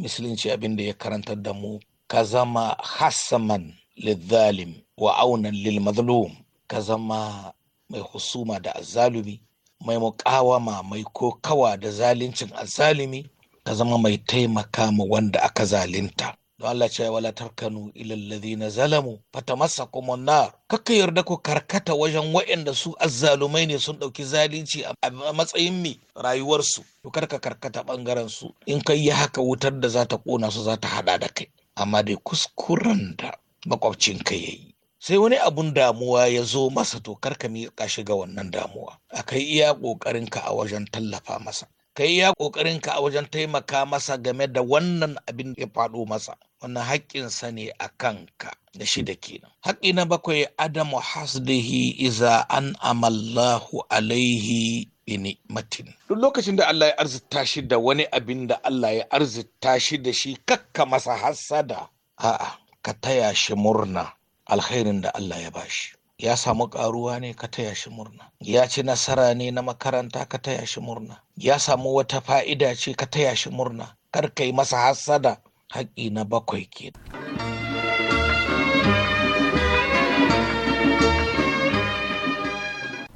musulunci abin da ya karantar da mu ka zama hassaman lizalim wa aunan lil mazlum ka zama mai husuma da azzalumi mai muƙawama mai kokawa da zaluncin azzalumi ka zama mai taimaka ma wanda aka zalunta don Allah ce wala tarkanu ilal ladina zalamu fatamassakum an-nar kaka yarda ku karkata wajen waɗanda su azzalumai ne sun ɗauki zalunci a matsayin mi rayuwarsu to karka karkata bangaren su in kai yi haka wutar da za ta kona su za ta hada da kai amma dai kuskuren da makwabcin ka yayi sai wani abun damuwa ya zo masa to karka miƙa shi ga wannan damuwa akai iya ƙoƙarinka a wajen tallafa masa kai yi ya ƙoƙarinka a wajen taimaka masa game da wannan abin ya faɗo masa wani haƙƙinsa ne a kanka da shida kenan. Haƙƙi na bakwai Adamu hasdihi iza an amallahu alaihi bini matin. Duk lokacin da Allah ya arzita shi da wani abin da Allah ya arzita shi da shi kakka masa hassada. A'a, ka taya shi murna alkhairin da Allah ya bashi. Ya samu karuwa ne ka taya shi murna. Ya ci nasara ne na makaranta ka taya shi murna. Ya samu wata fa'ida ce ka taya shi murna. Kar ka masa hassada haƙƙi na bakwai ke.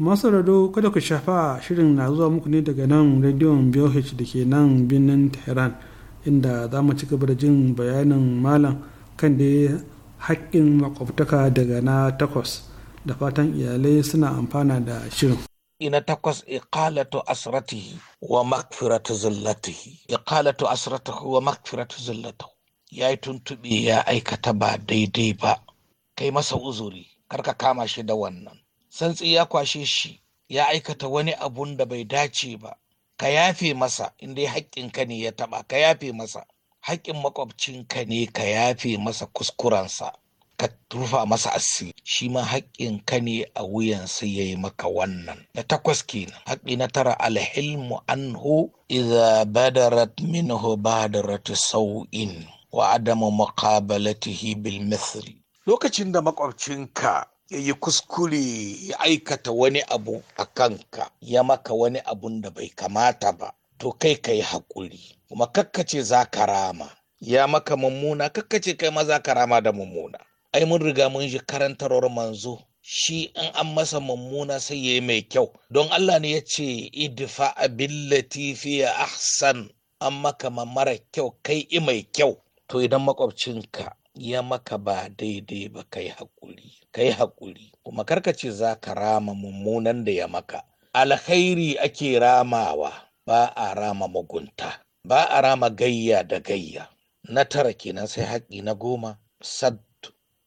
masarado kada ku shafa shirin na zuwa muku ne daga nan rediyon BOH da ke nan birnin tehran inda za mu ci gaba da jin bayanin malam kan da haƙƙin makwabtaka daga na takwas da fatan iyalai suna amfana da shirin ina takwas iqalatu asratihi wa makfiratu zillatihi iqalatu asratihi wa makfiratu zillatihi ya yi tuntuɓe ya aikata ba daidai ba kai masa uzuri karka kama shi da wannan santsi ya kwashe shi ya aikata wani abun da bai dace ba ka yafe masa inda haƙƙinka ne ya taɓa ka yafe masa haƙƙin ka ne ka yafe masa kuskurensa ka rufa masa asiri shi ma haƙƙin ka ne a wuyansa ya yi maka wannan na takwas kenan haƙƙi na tara alhilmu anhu idza badarat minhu badarat sau'in wa adamu muqabalatihi bil mithli lokacin da makwabcinka ya yi kuskure ya aikata wani abu a kanka ya maka wani abun da bai kamata ba to kai ka yi haƙuri kuma kakkace za ka rama ya maka mummuna kakkace kai ma za ka rama da mummuna ai mun riga mun ji karantarwar manzo shi in an masa mummuna sai ya yi mai kyau don Allah ne ya ce idfa latifi ya ahsan an maka ma mara kyau kai i mai kyau to idan makwabcinka ya maka ba daidai ba kai hakuri kai hakuri kuma karkace za ka rama mummunan da ya maka alkhairi ake ramawa ba a rama mugunta ba a rama gayya da gayya na tara kenan sai haƙi na goma sad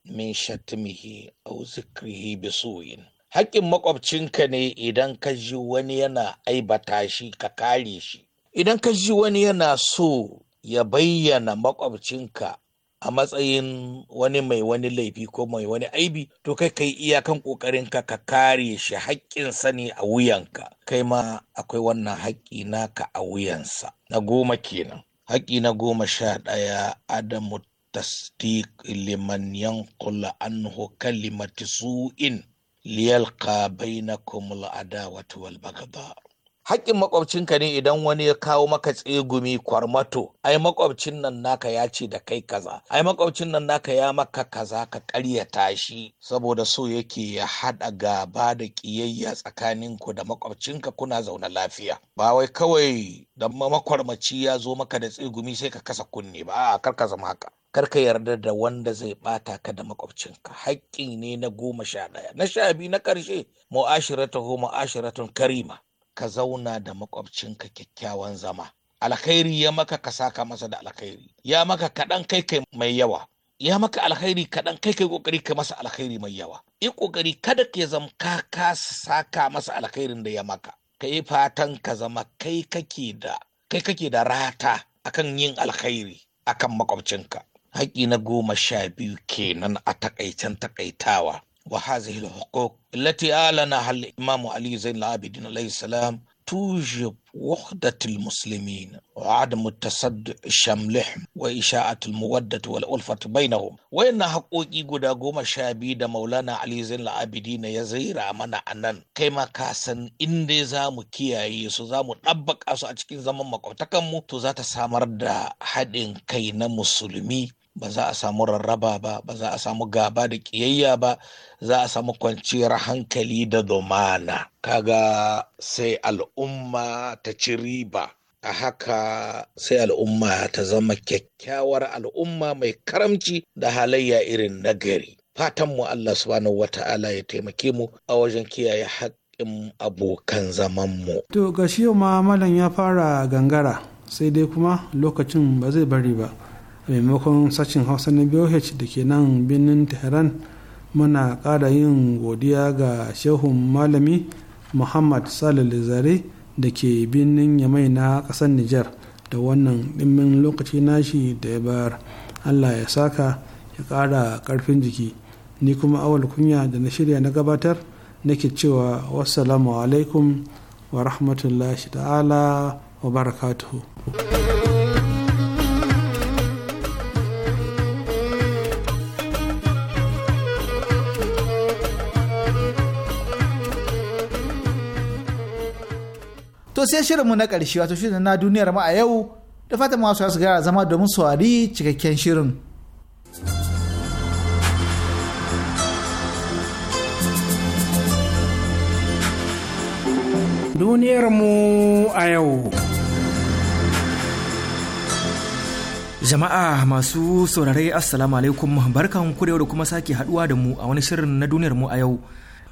min shatmihi aw zikrihi bi su'in haƙƙin makwabcinka ne idan ka ji wani yana aibata shi ka kare shi idan ka ji wani yana so ya bayyana makwabcinka a matsayin wani mai wani laifi ko mai wani aibi to kai kai iyakan ƙoƙarinka ka kare shi haƙƙin sani a wuyanka kai ma akwai wannan haƙƙi naka a wuyansa na goma kenan haƙƙi na goma sha ɗaya adamu التصديق لمن ينقل عنه كلمة سوء ليلقى بينكم العداوة والبغضاء haƙƙin makwabcinka ne idan wani ya kawo maka tsegumi kwarmato ai makwabcin nan naka ya ce da kai kaza ai makwabcin nan naka ya maka kaza ka ƙaryata shi saboda so yake ya haɗa gaba da ƙiyayya tsakaninku da makwabcinka kuna zaune lafiya ba wai kawai da makwarmaci ya zo maka da tsegumi sai ka kasa kunne ba a kar ka zama haka kar ka yarda da wanda zai bata ka da makwabcinka haƙƙi ne na goma sha ɗaya na sha biyu na ƙarshe mu mu'ashiratun karima ka zauna da makwabcinka kyakkyawan zama alkhairi ya maka ka saka masa da alkhairi ya maka kaɗan kai kai mai yawa ya maka alkhairi kaɗan kai kai ƙoƙari ka masa alkhairi mai yawa yi ƙoƙari kada ka zama ka ka saka masa alkhairin da ya maka ka yi fatan ka zama kai kake da kai kake da rata akan yin alkhairi akan makwabcinka haƙƙi na goma sha biyu kenan a takaicen takaitawa wa hazihi al Lati allati alana hal imam ali zain al-abidin alayhi salam tujib wahdat muslimin wa adam tasaddu shamlih wa isha'at al-mawaddah wal ulfat bainahum wa inna haqqoqi guda goma sha biyu da maulana ali zain al-abidin ya zaira mana anan kai ma ka san inda zamu kiyaye su zamu dabbaka su a cikin zaman makwatakan mu to zata samar da haɗin kai na musulmi ba za a samu rarraba ba ba za a samu gaba da ƙiyayya ba za a samu kwanciyar hankali da domana kaga sai al'umma ta ci riba a haka sai al'umma ta zama kyakkyawar al'umma mai karamci da halayya irin nagari fatanmu Allah subhanahu wata'ala ya taimake mu a wajen kiyaye haƙƙin abokan zamanmu. To ga shi ma malam ya fara gangara sai dai kuma lokacin ba zai bari ba. maimakon sashin hausa na boh da ke nan birnin tehran muna ƙara yin godiya ga shehun malami muhammad salil zare da ke birnin yamai na ƙasar niger da wannan ɗimbin lokaci nashi da ya bayar allah ya saka ya ƙara ƙarfin jiki ni kuma awal kunya da na shirya na gabatar nake cewa wassalamu alaikum wa rahmatullahi ta'ala wa barakatuhu. sai shirinmu na ƙarshe wato shirin na duniyar ma a yau da fatan masu su gara zama domin saurari cikakken shirin. Duniyarmu a yau. Jama'a masu saurare Assalamu alaikum barkan ku da kuma sake haduwa da mu a wani shirin na duniyarmu a yau.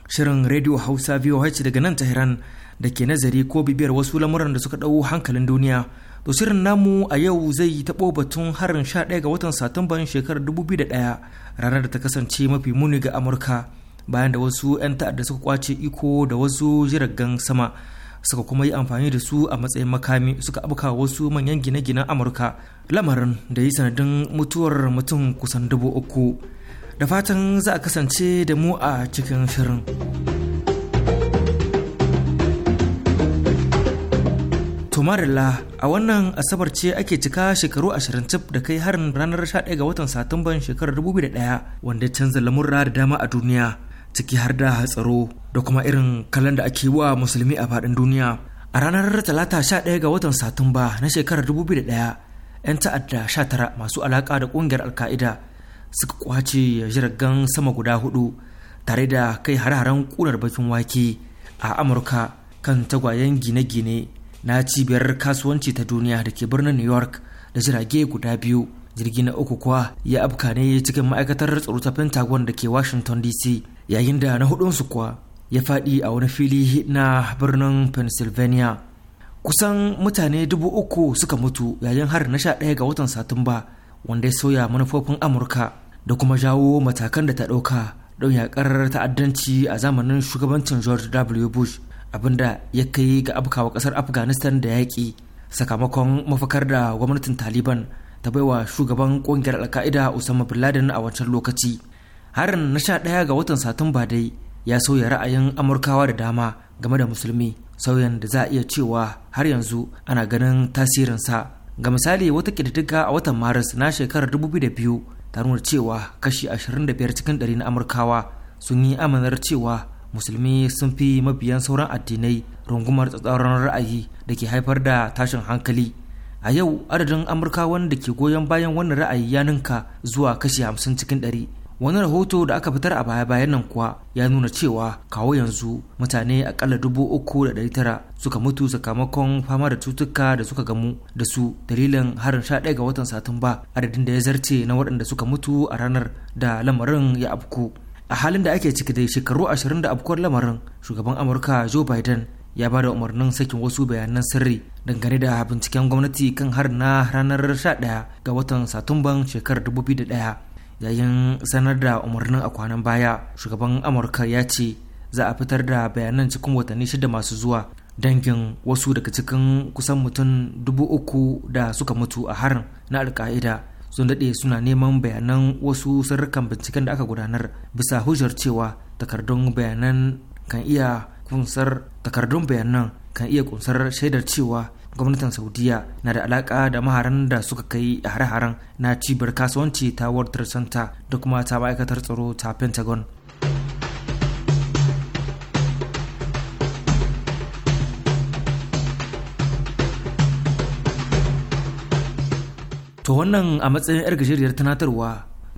Shirin Radio Hausa VOH daga nan Tehran da ke nazari ko bibiyar wasu lamuran da suka ɗau hankalin duniya to shirin namu a yau zai taɓo batun harin ɗaya ga watan satumban shekarar da ɗaya ranar da ta kasance mafi muni ga amurka bayan da wasu 'yan ta'adda suka kwace iko da wasu jiragen sama suka kuma yi amfani da su a matsayin makami suka abuka wasu manyan gine-ginen amurka lamarin da yi sanadin mutuwar mutum kusan dubu uku da fatan za a kasance da mu a cikin shirin. Tumarilla a wannan asabar ce ake cika shekaru ashirin cif da kai harin ranar 11 ga watan Satumban shekarar 2001 wanda canza lamurra da dama a duniya ciki har da tsaro da kuma irin kalan da ake wa musulmi a faɗin duniya. A ranar talata 11 ga watan Satumba na shekarar 2001 'yan ta'adda 19 masu alaka da ƙungiyar Alka'ida suka kwace jiragen sama guda hudu tare da kai har-haren ƙunar bakin wake a Amurka kan tagwayen gine-gine na cibiyar kasuwanci ta duniya da ke birnin new york da jirage guda biyu jirgi na uku kuwa ya afka ne cikin ma'aikatar tsaro ta pentagon da ke washington dc yayin da na hudunsu kuwa ya faɗi a wani fili na birnin pennsylvania kusan mutane dubu uku suka mutu yayin harin na sha ɗaya ga watan satumba wanda ya sauya manufofin amurka da kuma jawo matakan da ta ɗauka don yaƙar ta'addanci a zamanin shugabancin george w bush da ya kai ga abkawa kasar afghanistan da yaƙi sakamakon mafakar da gwamnatin taliban ta baiwa shugaban kungiyar alka'ida usama bin laden a wancan lokaci harin na sha ɗaya ga watan satumba dai ya sauya ra'ayin amurkawa da dama game da musulmi sauyin da za a iya cewa har yanzu ana ganin tasirinsa ga misali wata ƙididdiga a watan maris na shekarar 2002 ta nuna cewa kashi 25 cikin ɗari na amurkawa sun yi amanar cewa musulmi sun fi mabiyan sauran addinai rungumar tsatsauran ra'ayi da ke haifar da tashin hankali a yau adadin amurkawan da ke goyon bayan wannan ra'ayi ya ninka zuwa kashi hamsin cikin ɗari wani rahoto da aka fitar a baya-bayan nan kuwa ya nuna cewa kawo yanzu mutane akalla dubu uku da ɗari tara suka mutu sakamakon fama da cutuka da suka gamu da su dalilin harin sha ɗaya ga watan satumba adadin da ya zarce na waɗanda suka mutu a ranar da lamarin ya afku a halin da ake ciki dai shekaru ashirin da afkuwar lamarin shugaban amurka joe biden ya ba da umarnin sakin wasu bayanan sirri dangane da binciken gwamnati kan har na ranar 11 ga watan satumban shekarar 2001 yayin sanar da umarnin a kwanan baya shugaban amurka ya ce za a fitar da bayanan cikin watanni shida masu zuwa dangin wasu daga cikin kusan mutum dubu uku da suka mutu a harin na alka'ida sun daɗe suna neman bayanan wasu sirrikan binciken da aka gudanar bisa hujjar cewa takardun bayanan kan iya kunsar takardun bayanan kan iya kunsar shaidar cewa gwamnatin saudiya na da alaka da maharan da suka kai hare-haren na cibiyar kasuwanci ta world trade center da kuma ta ma'aikatar tsaro ta pentagon to wannan a matsayin yar gajeriyar tunatarwa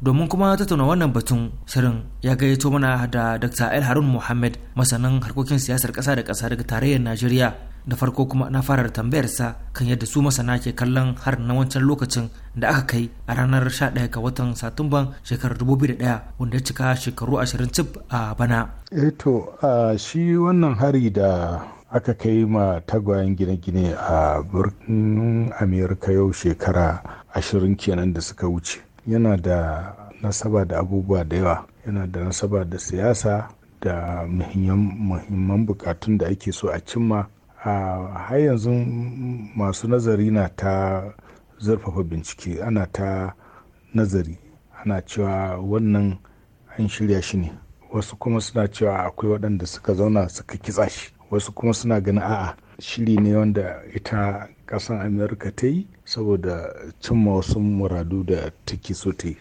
domin kuma tattauna wannan batun shirin ya gayyato mana da dr el harun muhammad masanin harkokin siyasar ƙasa da ƙasa daga tarayyar najeriya da farko kuma na fara tambayar sa kan yadda su masana ke kallon har na wancan lokacin da aka kai a ranar 11 ga watan satumban shekarar 2001 wanda ya cika shekaru ashirin cif a bana. eto eh shi wannan hari da aka kai ma tagwayen gine-gine a birnin amerika yau shekara ashirin kenan da suka wuce yana da nasaba da abubuwa da yawa yana da nasaba da siyasa da muhimman bukatun da ake so a cimma a har yanzu masu nazari na ta zurfafa bincike ana ta nazari ana cewa wannan an shirya shi ne wasu kuma suna cewa akwai waɗanda suka zauna suka kitsa shi wasu kuma suna ganin a'a shiri ne wanda ita ƙasar Amurka ta yi saboda cimma wasu muradu da take so ta yi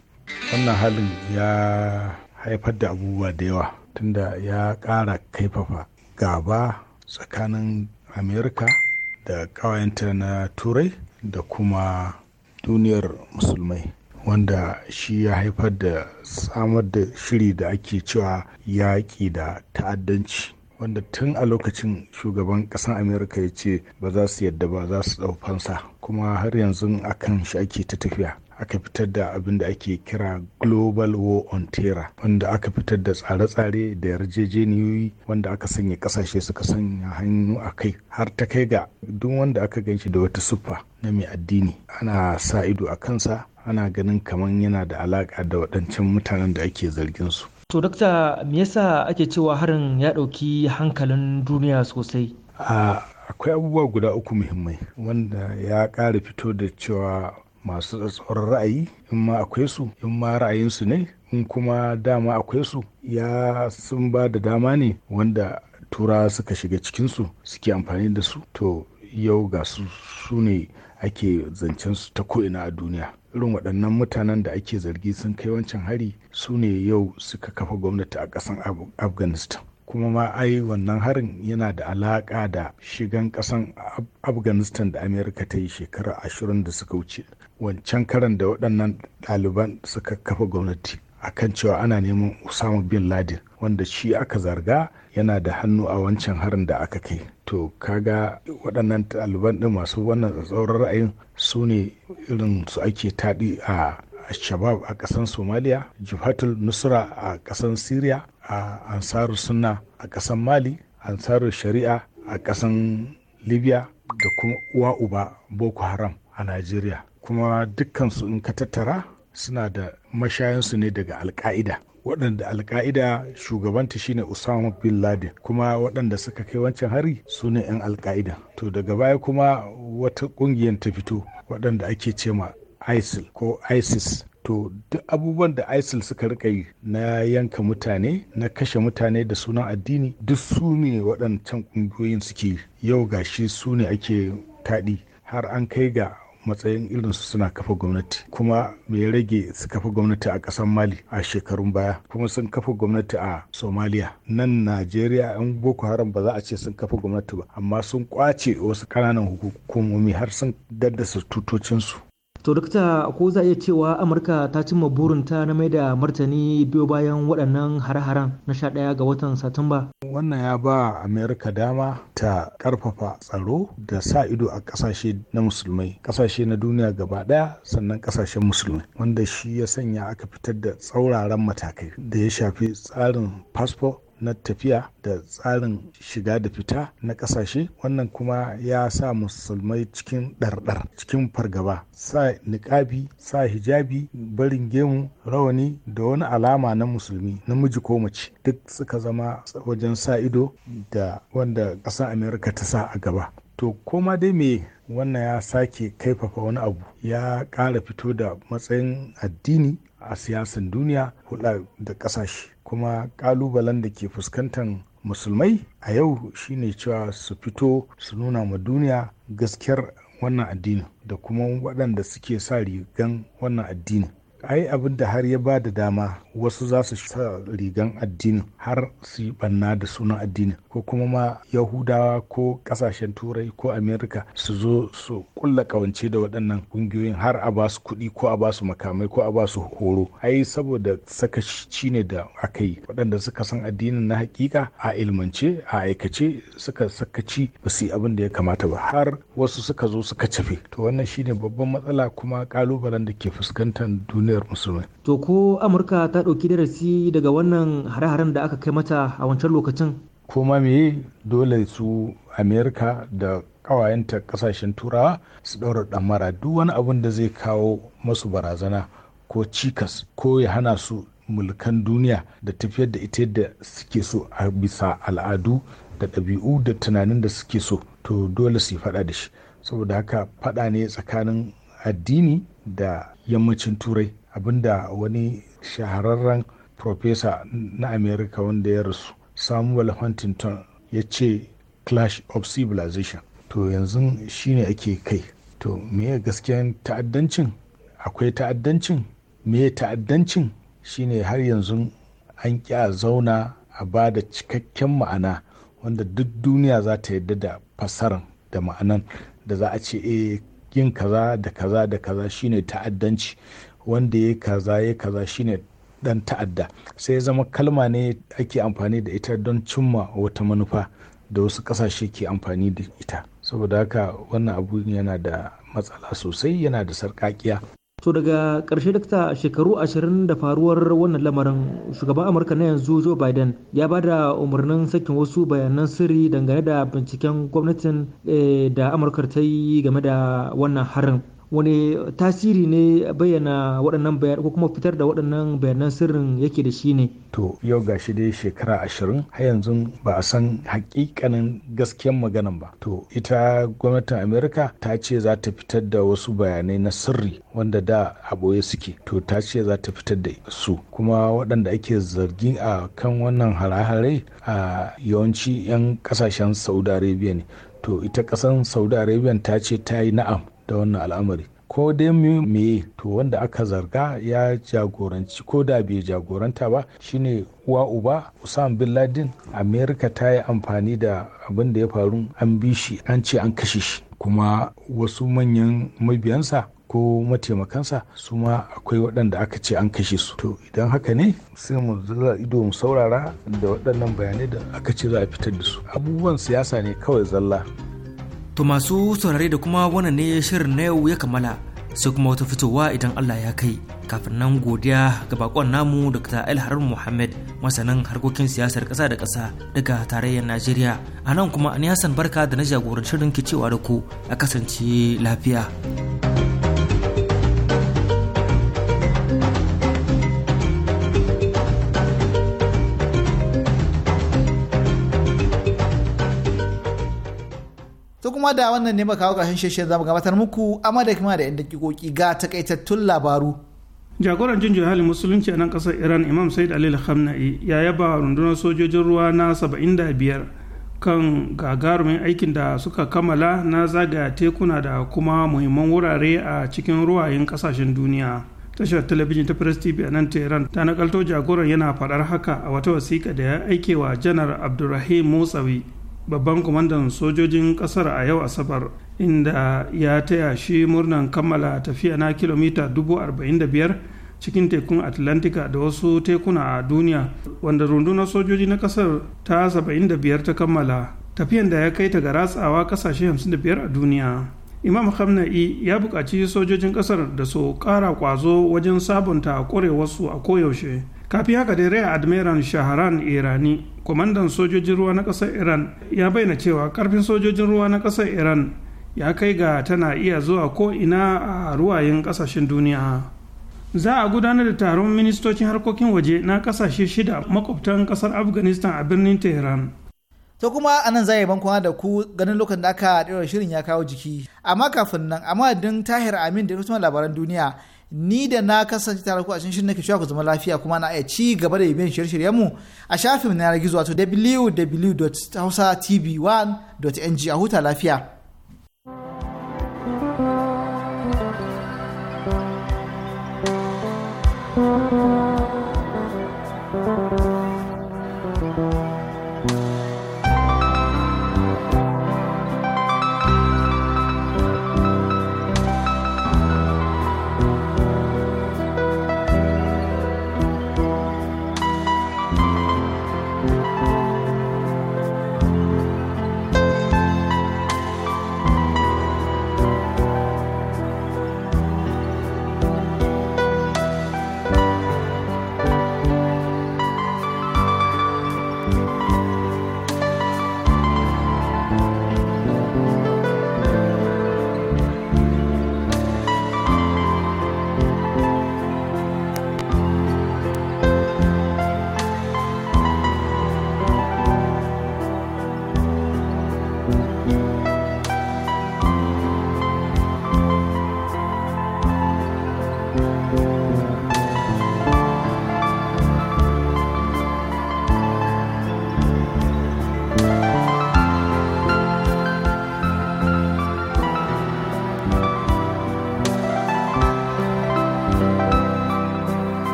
wannan halin ya haifar da abubuwa da yawa tunda ya ƙara kaifafa gaba tsakanin amerika da ƙawayenta na turai da kuma duniyar musulmai wanda shi ya haifar da samar da shiri da ake cewa yaƙi da ta'addanci wanda tun a lokacin shugaban ƙasar amerika ya ce ba za su yadda ba za su ɗau fansa kuma har yanzu akan shi ake ta tafiya aka fitar da abin da ake kira global war on terror wanda aka fitar da tsare-tsare da yarjejeniyoyi wanda aka sanya kasashe suka sanya hannu a kai har ta kai ga duk wanda aka ganshi da wata siffa na mai addini ana sa ido a kansa ana ganin kamar yana da alaƙa da waɗancan mutanen da ake zargin su To dokta me yasa ake cewa harin ya ɗauki hankalin duniya sosai? Akwai abubuwa guda uku muhimmai wanda ya ƙara fito da cewa masu tsatsauran ra'ayi in ma akwai su in ma ra'ayinsu ne in kuma dama akwai su ya sun ba da dama ne wanda tura suka shiga cikinsu suke amfani da su to yau ga su su ne ake zancen su ta ko'ina a duniya irin waɗannan mutanen da ake zargi sun kai wancan hari su ne yau suka kafa gwamnati a ƙasan afghanistan kuma ma ai wannan harin yana da alaƙa da shigan ƙasan afghanistan da amerika ta yi shekara ashirin da suka wuce wancan karan da waɗannan ɗaliban suka kafa gwamnati akan cewa ana neman Usama bin Laden wanda shi aka zarga yana da hannu a wancan harin da aka kai to kaga waɗannan ɗaliban ɗin masu wannan tsatsauran ra'ayin su ne irin su ake taɗi a shabab a ƙasar somaliya Jihatul nusra a ƙasar syria a ansaru sunna a ƙasar mali ansaru shari'a a ƙasar libya da kuma uwa uba boko haram a najeriya kuma dukkansu in ka tattara suna da mashayansu ne daga alka'ida waɗanda alka'ida shugabanta shine usama bin Laden kuma waɗanda suka kai wancan hari su ne 'yan alka'ida to daga baya kuma wata ƙungiyar ta fito waɗanda ake cema ISIL ko ISIS to duk abubuwan da isil suka rika yi na yanka mutane na kashe mutane da sunan addini duk su ne waɗancan ƙungiyoyin suke yau gashi su ne ake taɗi har an kai ga matsayin irin su suna kafa gwamnati kuma me ya rage su kafa gwamnati a ƙasar mali a shekarun baya kuma sun kafa gwamnati a somaliya nan najeriya yan boko haram ba za a ce sun kafa gwamnati ba amma sun kwace wasu ƙananan hukumomi har sun daddasa tutocinsu to dokta ko za iya cewa amurka ta cimma burinta na mai da martani biyo bayan waɗannan hare-haren na sha ɗaya ga watan satumba wannan ya ba amurka dama ta karfafa tsaro da sa ido a ƙasashe na musulmai ƙasashe na duniya gaba ɗaya sannan ƙasashen musulmai wanda shi ya sanya aka fitar da tsauraran matakai da ya shafi tsarin fasfo na tafiya da tsarin shiga da fita na kasashe wannan kuma ya sa musulmai cikin ɗarɗar cikin fargaba sa niƙabi sa hijabi barin gemu rawani da wani alama na musulmi namiji ko mace duk suka zama wajen sa ido da wanda ƙasar amerika ta sa a gaba to koma dai me wannan ya sake kaifafa wani abu ya ƙara fito da matsayin addini a siyasan duniya hudu da ƙasashe kuma ƙalubalen da ke fuskantar musulmai a yau shine cewa su fito su nuna ma duniya gaskiyar wannan addini da kuma waɗanda suke sa rigan wannan addini ai abin da har ya ba da dama wasu za su sa rigan addinin har su yi banna da sunan addini ko kuma ma yahudawa ko kasashen turai ko amerika su zo su kulla kawance da waɗannan ƙungiyoyin har a ba su kuɗi ko a ba su makamai ko a ba su horo ai saboda sakaci ne da aka yi waɗanda suka san addinin na hakika a ilmance a aikace suka sakaci ba su yi abin da ya kamata ba har wasu suka zo suka cafe to wannan shine babban matsala kuma kalubalen da ke fuskantar duniyar jam'iyyar musulmai to ko amurka ta ɗauki darasi daga wannan hare-haren da aka kai mata a wancan lokacin kuma me dole su amerika da ƙawayenta kasashen turawa su ɗaura ɗamara duk wani abin da zai kawo masu barazana ko cikas ko ya hana su mulkan duniya da tafiyar da ita da suke so a bisa al'adu da ɗabi'u da tunanin da suke so to dole su yi faɗa da shi saboda haka faɗa ne tsakanin addini da yammacin turai abinda wani shahararren profesa na america wanda ya rasu samuel huntington ya ce clash of civilization to yanzu shine ake kai to me gaske ta'addancin akwai ta'addancin me ta'addancin shine har yanzu an kya zauna a ba da cikakken ma'ana wanda duk duniya za ta yadda da fassarar da ma'anan da za a ce eh, yin kaza da kaza da kaza shine ta'addanci wanda ya kaza ya kaza shine dan ta'adda sai ya zama kalma ne ake amfani da ita don cimma wata manufa da wasu kasashe ke amfani da ita saboda haka wannan abu yana da matsala sosai yana da sarƙaƙiya to daga ƙarshe dakta shekaru ashirin da faruwar wannan lamarin shugaban amurka na yanzu joe biden ya ba da umarnin sakin wasu bayanan sirri dangane da binciken gwamnatin eh, da amurka ta yi game da wannan harin wani tasiri ne bayyana waɗannan bayan ko kuma fitar da waɗannan bayanan sirrin yake da shi ne to yau ga shi dai shekara ashirin har yanzu ba a san hakikanin gaskiyan maganan ba to ita gwamnatin amerika ta ce za ta fitar da wasu bayanai na sirri wanda da a suke to ta ce za ta fitar da su kuma waɗanda ake zargi a kan wannan hare-hare a yawanci 'yan ƙasashen saudi arabia ne to ita ƙasar saudi arabia ta ce ta yi na'am da wannan al'amari ko dai meye to wanda aka zarga ya jagoranci ko da bai jagoranta ba shine uwa uba usam bin ladin america ta yi amfani da abin da ya faru an bi shi an ce an kashe shi kuma wasu manyan mabiyansa ko mataimakansa su ma akwai waɗanda aka ce an kashe su to idan haka ne sai mu zura ido mu saurara da waɗannan bayanai da aka ce za a fitar da su abubuwan siyasa ne kawai zalla To masu saurare da kuma wannan ne shirin na yau ya kammala sai kuma wata fitowa idan Allah ya kai kafin nan godiya ga bakon namu Dr. Elharar Muhammad masanin harkokin siyasar kasa da ƙasa daga tarayyar Najeriya. A nan kuma Ani Hassan Barka da na jagorancin rinkicewa da ku a kasance lafiya. kuma da wannan ne kawo ƙarshen shirin zamu gabatar muku amma da kuma da 'yan dakikoki ga takaitattun labaru. jagoran jin halin musulunci a nan ƙasar iran imam said alil hamna'i ya yaba rundunar sojojin ruwa na saba'in da biyar kan gagarumin aikin da suka kammala na zagaya tekuna da kuma muhimman wurare a cikin ruwayen kasashen duniya. tashar talabijin ta press tv a nan tehran ta nakalto jagoran yana faɗar haka a wata wasiƙa da ya aike wa janar abdulrahim motsawi babban kwamandan sojojin kasar a yau asabar inda ya taya shi murnan kammala tafiya na kilomita 45 cikin tekun atlantika da wasu tekuna a duniya wanda rundunar sojoji na kasar ta 75 ta kammala tafiyan da ya kai ta ga ratsawa kasashe 55 a duniya imam hamna'i ya buƙaci sojojin ƙasar da su ƙara ƙwazo wajen sabunta ƙwarewarsu a koyaushe kafin haka dai a admiral shaharan irani kwamandan sojojin ruwa na ƙasar iran ya bayyana cewa karfin sojojin ruwa na ƙasar iran ya kai ga tana iya zuwa ko ina a ruwayen ƙasashen duniya za a gudanar da taron ministocin harkokin waje na ƙasashe shida makwabtan ƙasar afghanistan a birnin tehran to kuma a nan za yi bankwana da ku ganin lokacin da aka ɗaura shirin ya kawo jiki amma kafin nan amma din tahir amin da kusurman labaran duniya ni da na kasance tare ku a cikin shirin nake cewa ku zama lafiya kuma na iya ci gaba da bibiyan shirye-shiryen mu a shafin na gizo wato www.hausatv1.ng a huta lafiya.